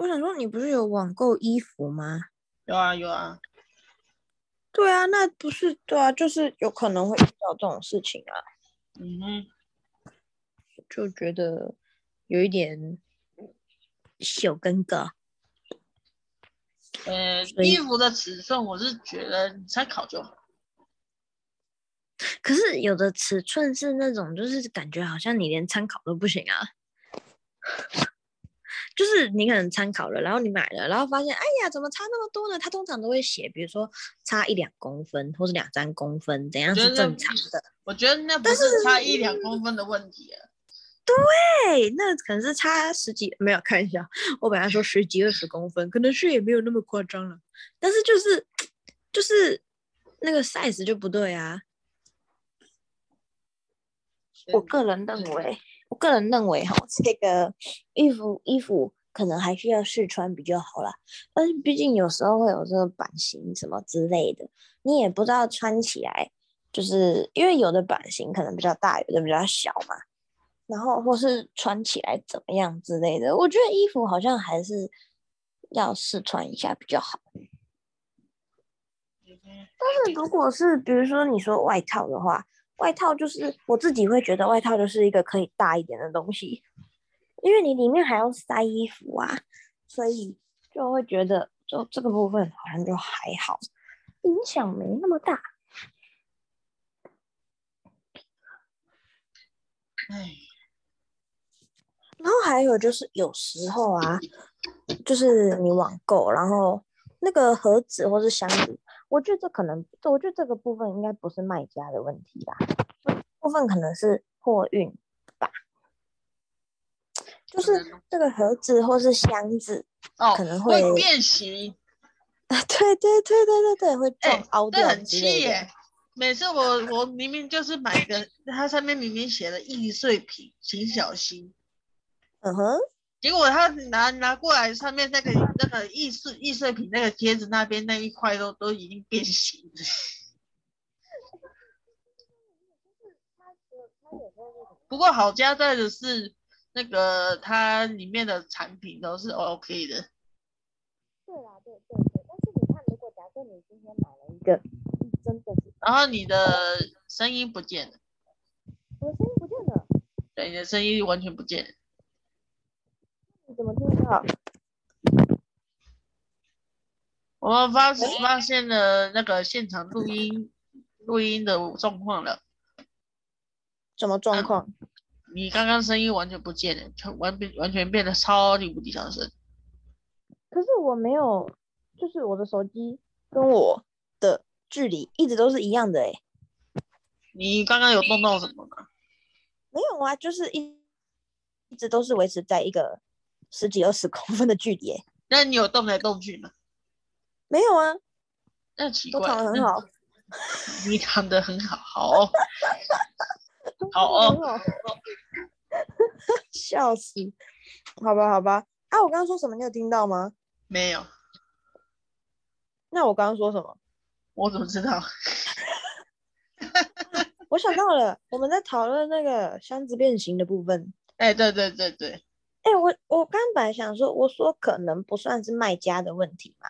我想說，你不是有網購衣服嗎？有啊，有啊。對啊，那不是對啊，就是有可能會遇到這種事情啊。嗯，就覺得有一點小尷尬。呃，衣服的尺寸，我是覺得參考就好。可是有的尺寸是那種，就是感覺好像你連參考都不行啊。就是你可能參考了，然後你買了，然後發現哎呀，怎麼差那麼多呢？他通常都會寫，比如說差一兩公分，或者兩三公分，怎樣是正常的。我覺得那不是差一兩公分的問題。對，那可能是差十幾，沒有看一下。我本來說十幾二十公分，可能是也沒有那麼誇張了啊。但是就是就是那個 size 就不對啊。我個人認為，我個人認為齁，這個衣服衣服可能還需要試穿比較好啦。但是畢竟有時候會有這個版型什麼之類的，你也不知道穿起來，就是因為有的版型可能比較大，有的比較小嘛。然後或是穿起來怎麼樣之類的，我覺得衣服好像還是要試穿一下比較好。但是如果是比如說你說外套的話。外套就是我自己會覺得外套就是一個可以大一點的東西，因為你裡面還要塞衣服啊，所以就會覺得就這個部分好像就還好，影響沒那麼大。哎，然後還有就是有時候啊，就是你網購，然後那個盒子或是箱子。我覺得這可能，我覺得這個部分應該不是賣家的問題吧，部分可能是貨運吧，就是這個盒子或是箱子，可能會、哦、會變形。啊， <laughs> 對對對對對對，會撞凹的。欸、很氣耶！每次我我明明就是買一個，它 <laughs> 上面明明寫了易碎品，請小心。嗯哼。結果他拿拿過來，上面那個那個易碎易碎品，那個貼紙那邊那一塊都都已經變形了。 <laughs> <laughs> 不過好加在的是那個它裡面的產品都是 OK 的。對啊，對對對。但是你看，如果假設你今天買了一個、嗯、真的是，然後你的聲音不見了，我的聲音不見了，對，你的聲音完全不見了。怎麼這樣？我們發發現了那個現場錄音錄、欸、音的狀況了。什麼狀況、啊？你剛剛聲音完全不見了，完變完全變得超級無敵小聲。可是我沒有，就是我的手機跟我的距離一直都是一樣的哎、欸。你剛剛有弄動到什麼嗎？沒有啊，就是一一直都是維持在一個。十幾二十公分的距離，欸，那你有動來動去嗎？沒有啊，那奇怪，都躺得很好，嗯，你躺得很好，好哦， <laughs> 好哦，很好，笑死，好吧，好吧，啊，我剛剛說什麼？你有聽到嗎？沒有，那我剛剛說什麼？我怎麼知道？ <laughs> 我想到了，我們在討論那個箱子變形的部分，哎，欸，對對對對。哎、欸，我我剛本來想說，我說可能不算是賣家的問題嘛，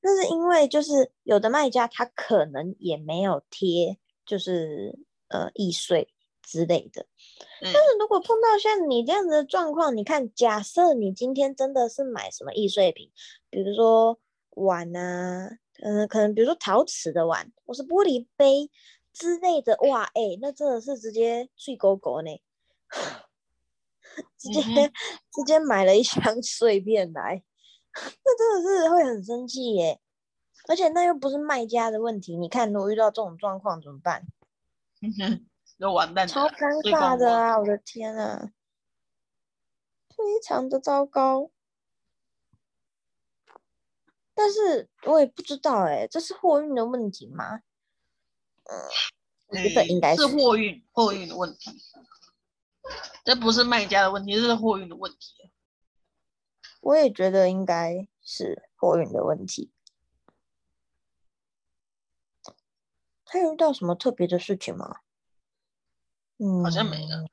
那是因為就是有的賣家他可能也沒有貼，就是呃易碎之類的、嗯。但是如果碰到像你這樣子的狀況，你看，假設你今天真的是買什麼易碎品，比如說碗啊，嗯、呃，可能比如說陶瓷的碗，或是玻璃杯之類的，哇，哎、欸，那真的是直接碎勾勾呢。直接、嗯、直接買了一箱碎片來，那真的是會很生氣耶！而且那又不是賣家的問題，你看，如果遇到這種狀況怎麼辦？嗯、完蛋，超尷尬的啊！的我的天吶、啊，非常的糟糕。但是我也不知道哎，這是貨運的問題嗎？嗯，我覺得應該是，是貨運貨運的問題。這不是賣家的問題，這是貨運的問題。我也覺得應該是貨運的問題。他有遇到什麼特別的事情嗎？嗯，好像沒了。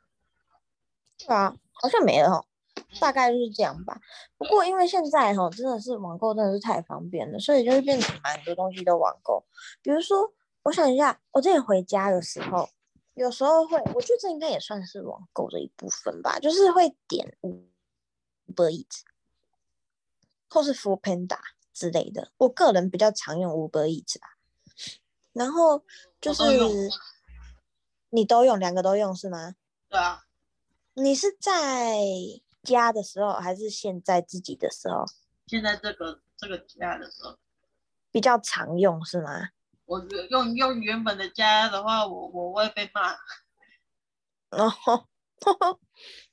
是啊，好像沒了哦大概就是這樣吧。不過因為現在哈、哦，真的是網購真的是太方便了，所以就是變成蠻多東西都網購。比如說，我想一下，我之前回家的時候。有時候會，我覺得這應該也算是網購的一部分吧，就是會點 Uber Eats 或是 Foodpanda 之類的。我個人比較常用 Uber Eats 吧，然後就是都你都用，兩個都用是嗎？對啊。你是在家的時候，還是現在自己的時候？現在這個這個家的時候。比較常用是嗎？我用用原本的家的話，我我會被罵。然後，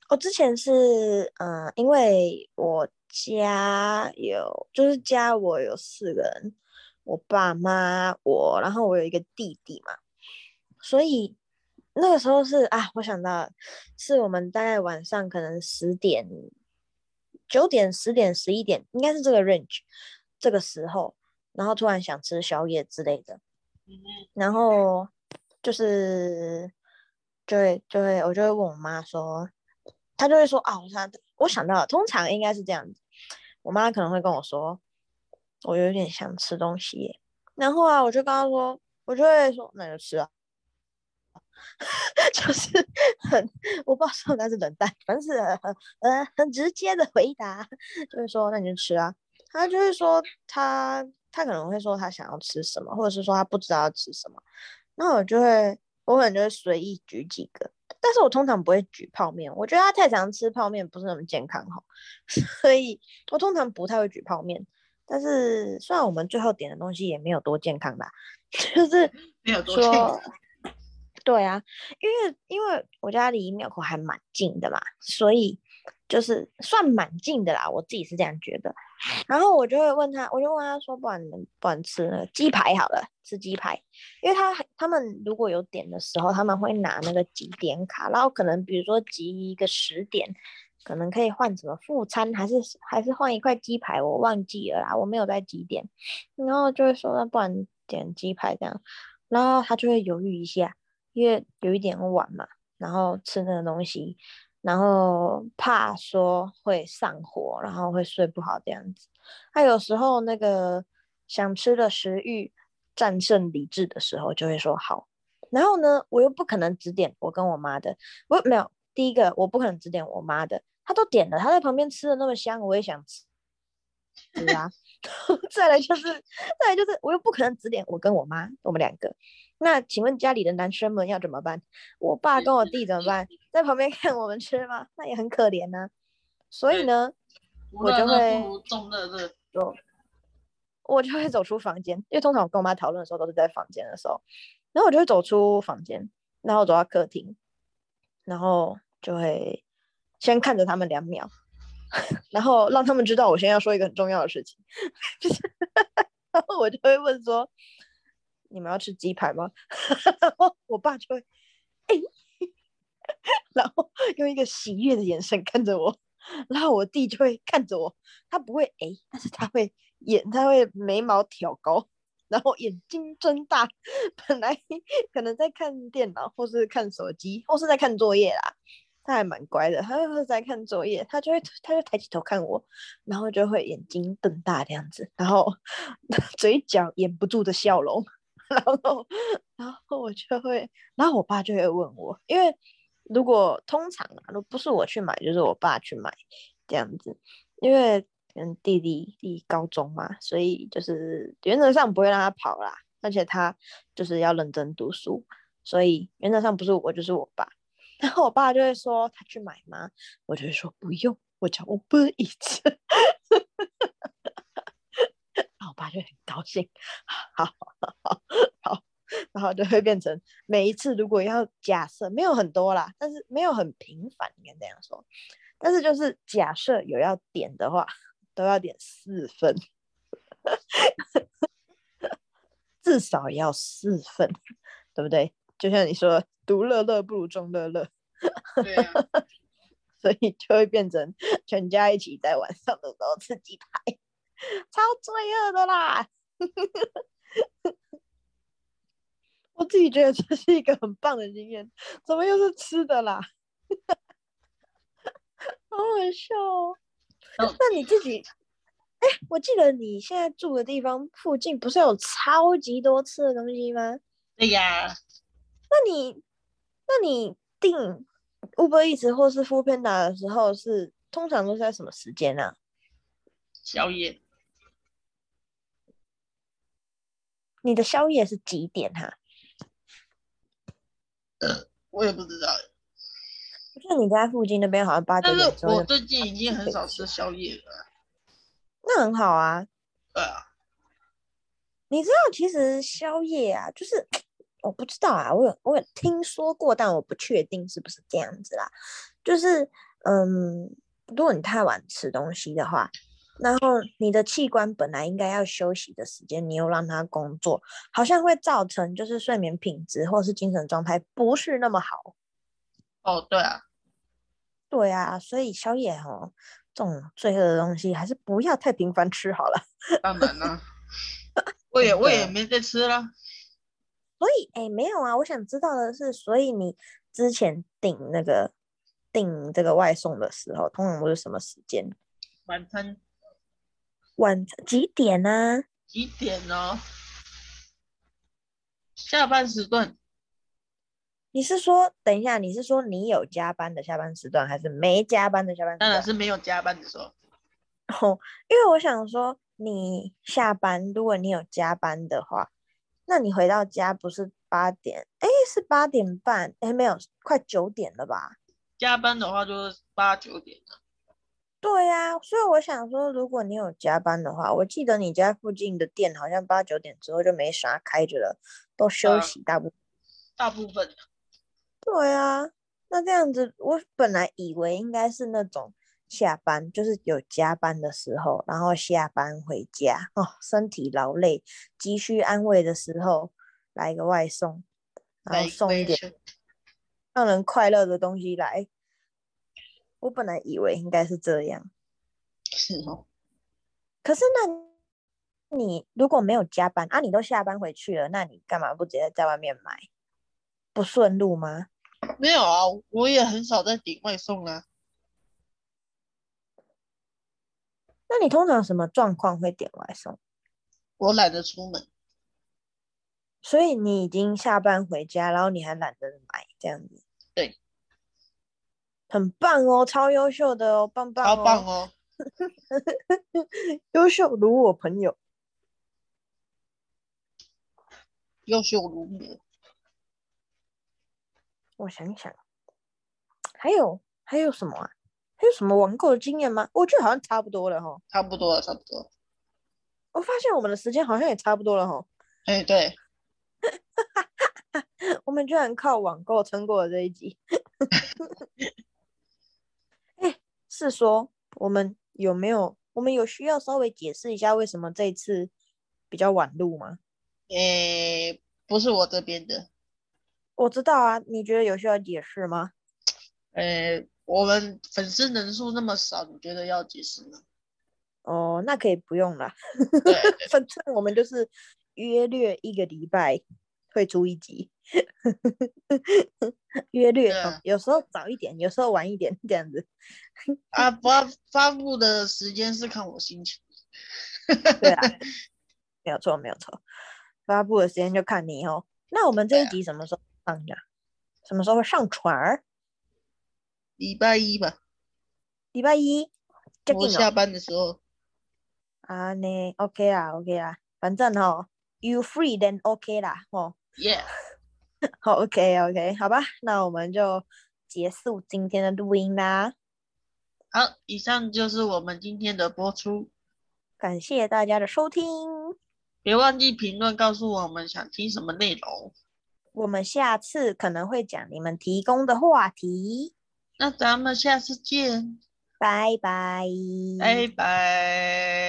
我之前是，嗯、呃，因為我家有，就是家我有四個人，我爸媽，我，然後我有一個弟弟嘛，所以那個時候是啊，我想到，是我們大概晚上可能十點、九點、十點、十一點，應該是這個 range，這個時候，然後突然想吃宵夜之類的。嗯嗯、然後就是就會就會我就會問我媽說，她就會說啊，我想我想到通常應該是這樣子，我媽可能會跟我說，我有點想吃東西，然後啊，我就跟她說，我就會說那就吃啊， <laughs> 就是很我不知道說那是冷淡，反正是很很直接的回答，就是說那你就吃啊，她就會說她。他可能會說他想要吃什麼，或者是說他不知道吃什麼，那我就會，我可能就會隨意舉幾個，但是我通常不會舉泡麵，我覺得他太常吃泡麵不是那麼健康哈、哦，所以我通常不太會舉泡麵，但是雖然我們最後點的東西也沒有多健康吧，就是說沒有多健康， <laughs> 對啊，因為因為我家離一廟口還蠻近的嘛，所以。就是算蠻近的啦，我自己是這樣覺得。然後我就會問他，我就問他說不，不然不然吃雞排好了，吃雞排。因為他他們如果有點的時候，他們會拿那個集點卡，然後可能比如說集一個十點，可能可以換什麼副餐，還是還是換一塊雞排，我忘記了啦，我沒有在集點。然後就會說，那不然點雞排這樣。然後他就會猶豫一下，因為有一點晚嘛，然後吃那個東西。然後怕說會上火，然後會睡不好這樣子。他有時候那個想吃的食慾戰勝理智的時候，就會說好。然後呢，我又不可能只點我跟我媽的，我沒有。第一個，我不可能只點我媽的，她都點了，她在旁邊吃的那麼香，我也想吃，對吧？ <laughs> <laughs> 再來就是，再來就是，我又不可能只點我跟我媽，我們兩個。那請問家裡的男生們要怎麼辦？我爸跟我弟怎麼辦？在旁邊看我們吃嗎？那也很可憐吶、啊。所以呢，中我就會重樂樂，我我就會走出房間，因為通常我跟我媽討論的時候都是在房間的時候，然後我就會走出房間，然後走到客廳，然後就會先看着他們兩秒，然後讓他們知道我現在要說一個很重要的事情，然後我就會問說。你們要吃雞排嗎？ <laughs> 我爸就會哎、欸，然後用一個喜悅的眼神看着我，然後我弟就會看着我，他不會哎、欸，但是他會眼，他會眉毛挑高，然後眼睛睜大。本來可能在看電腦，或是看手機，或是在看作業啦。他還蠻乖的，他會在看作業，他就會他就抬起頭看我，然後就會眼睛瞪大這樣子，然後嘴角掩不住的笑容。 <laughs> 然後，然後我就會，然後我爸就會問我，因為如果通常啊，都不是我去買，就是我爸去買這樣子，因為嗯弟弟，弟弟高中嘛、啊，所以就是原則上不會讓他跑啦，而且他就是要認真讀書，所以原則上不是我就是我爸。然後我爸就會說他去買嗎？我就會說不用，我叫我不一次。 <laughs> 我爸就很高興，好，好好好，好。然後就會變成每一次如果要假設沒有很多啦，但是沒有很頻繁應該這樣說，但是就是假設有要點的話，都要點四份， <laughs> 至少要四份，對不對？就像你說“獨樂樂不如眾樂樂”，啊、 <laughs> 所以就會變成全家一起在晚上的時候吃雞排。超罪惡的啦！ <laughs> 我自己覺得這是一個很棒的經驗。怎麼又是吃的啦？ <laughs> 好好笑哦！Oh. 那你自己，哎、欸，我記得你現在住的地方附近不是有超級多吃的東西嗎？對呀。那你，那你訂 Uber Eats 或是 Foodpanda 的時候是，是通常都是在什麼時間呢、啊？宵夜。你的宵夜是幾點哈？嗯，我也不知道。就是你在附近那邊好像八九點鐘。我最近已經很少吃宵夜了。那很好啊。對啊。你知道其實宵夜啊，就是我不知道啊，我有我有聽說過，但我不確定是不是這樣子啦。就是嗯，如果你太晚吃東西的話。然後你的器官本來應該要休息的時間，你又讓它工作，好像會造成就是睡眠品質或是精神狀態不是那麼好。哦，對啊，對啊，所以宵夜哦，這種罪惡的東西還是不要太頻繁吃好了。當然了、啊， <laughs> 我也我也沒在吃了、這個。所以，哎，沒有啊。我想知道的是，所以你之前訂那個訂這個外送的時候，通常都是什麼時間？晚餐。晚幾點呢？幾點呢、啊哦？下班時段。你是說，等一下，你是說你有加班的下班時段，還是沒加班的下班時段？當然是沒有加班的時候。哦，因為我想說，你下班，如果你有加班的話，那你回到家不是八點？哎，是八點半？哎，沒有，快九點了吧？加班的話，就是八九點。對呀、啊，所以我想說，如果你有加班的話，我記得你家附近的店好像八九點之後就沒啥開着了，都休息大部、啊、大部分。對呀、啊，那這樣子，我本來以為應該是那種下班，就是有加班的時候，然後下班回家哦，身體勞累、急需安慰的時候，來個外送，然後送一點讓人快樂的東西來。我本來以為應該是這樣，是哦。可是呢，那你如果沒有加班啊，你都下班回去了，那你干嘛不直接在外面買？不順路嗎？沒有啊，我也很少在點外送啊。那你通常什麼狀況會點外送？我懶得出門。所以你已經下班回家，然後你還懶得買這樣子？對。很棒哦，超優秀的哦，棒棒哦，超棒哦，優 <laughs> 秀如我朋友，優秀如我。我想想，還有還有什麼啊？還有什麼網購的經驗嗎？我覺得好像差不多了哈，差不多了，差不多了。我發現我們的時間好像也差不多了哈。哎、欸，對， <laughs> 我們居然靠網購撐過了這一集。 <laughs> <laughs> 是說我們有沒有？我們有需要稍微解釋一下為什麼這次比較晚錄嗎？誒，不是我這邊的，我知道啊。你覺得有需要解釋嗎？呃，我們粉絲人數那麼少，你覺得要解釋嗎？哦，那可以不用了。反 <laughs> 正對對 <laughs> 我們就是約略一個禮拜，會出一集，約 <laughs> 略，嗯，有時候早一點，有時候晚一點，這樣子。啊，發發布的時間是看我心情。 <laughs> 對啊，沒有錯，沒有錯。發布的時間就看你哦。那我們這一集什麼時候放，哎呀，什麼時候會上傳？禮拜一吧。禮拜一。我下班的時候。啊，你 OK 啦，OK 啦，反正哦，You free then OK 啦，哦。Yes 好，OK OK，okay 好吧，那我們就結束今天的錄音啦。好，以上就是我們今天的播出，感謝大家的收聽，別忘記評論告訴我們想聽什麼內容，我們下次可能會講你們提供的話題。那咱們下次見，拜拜，拜拜。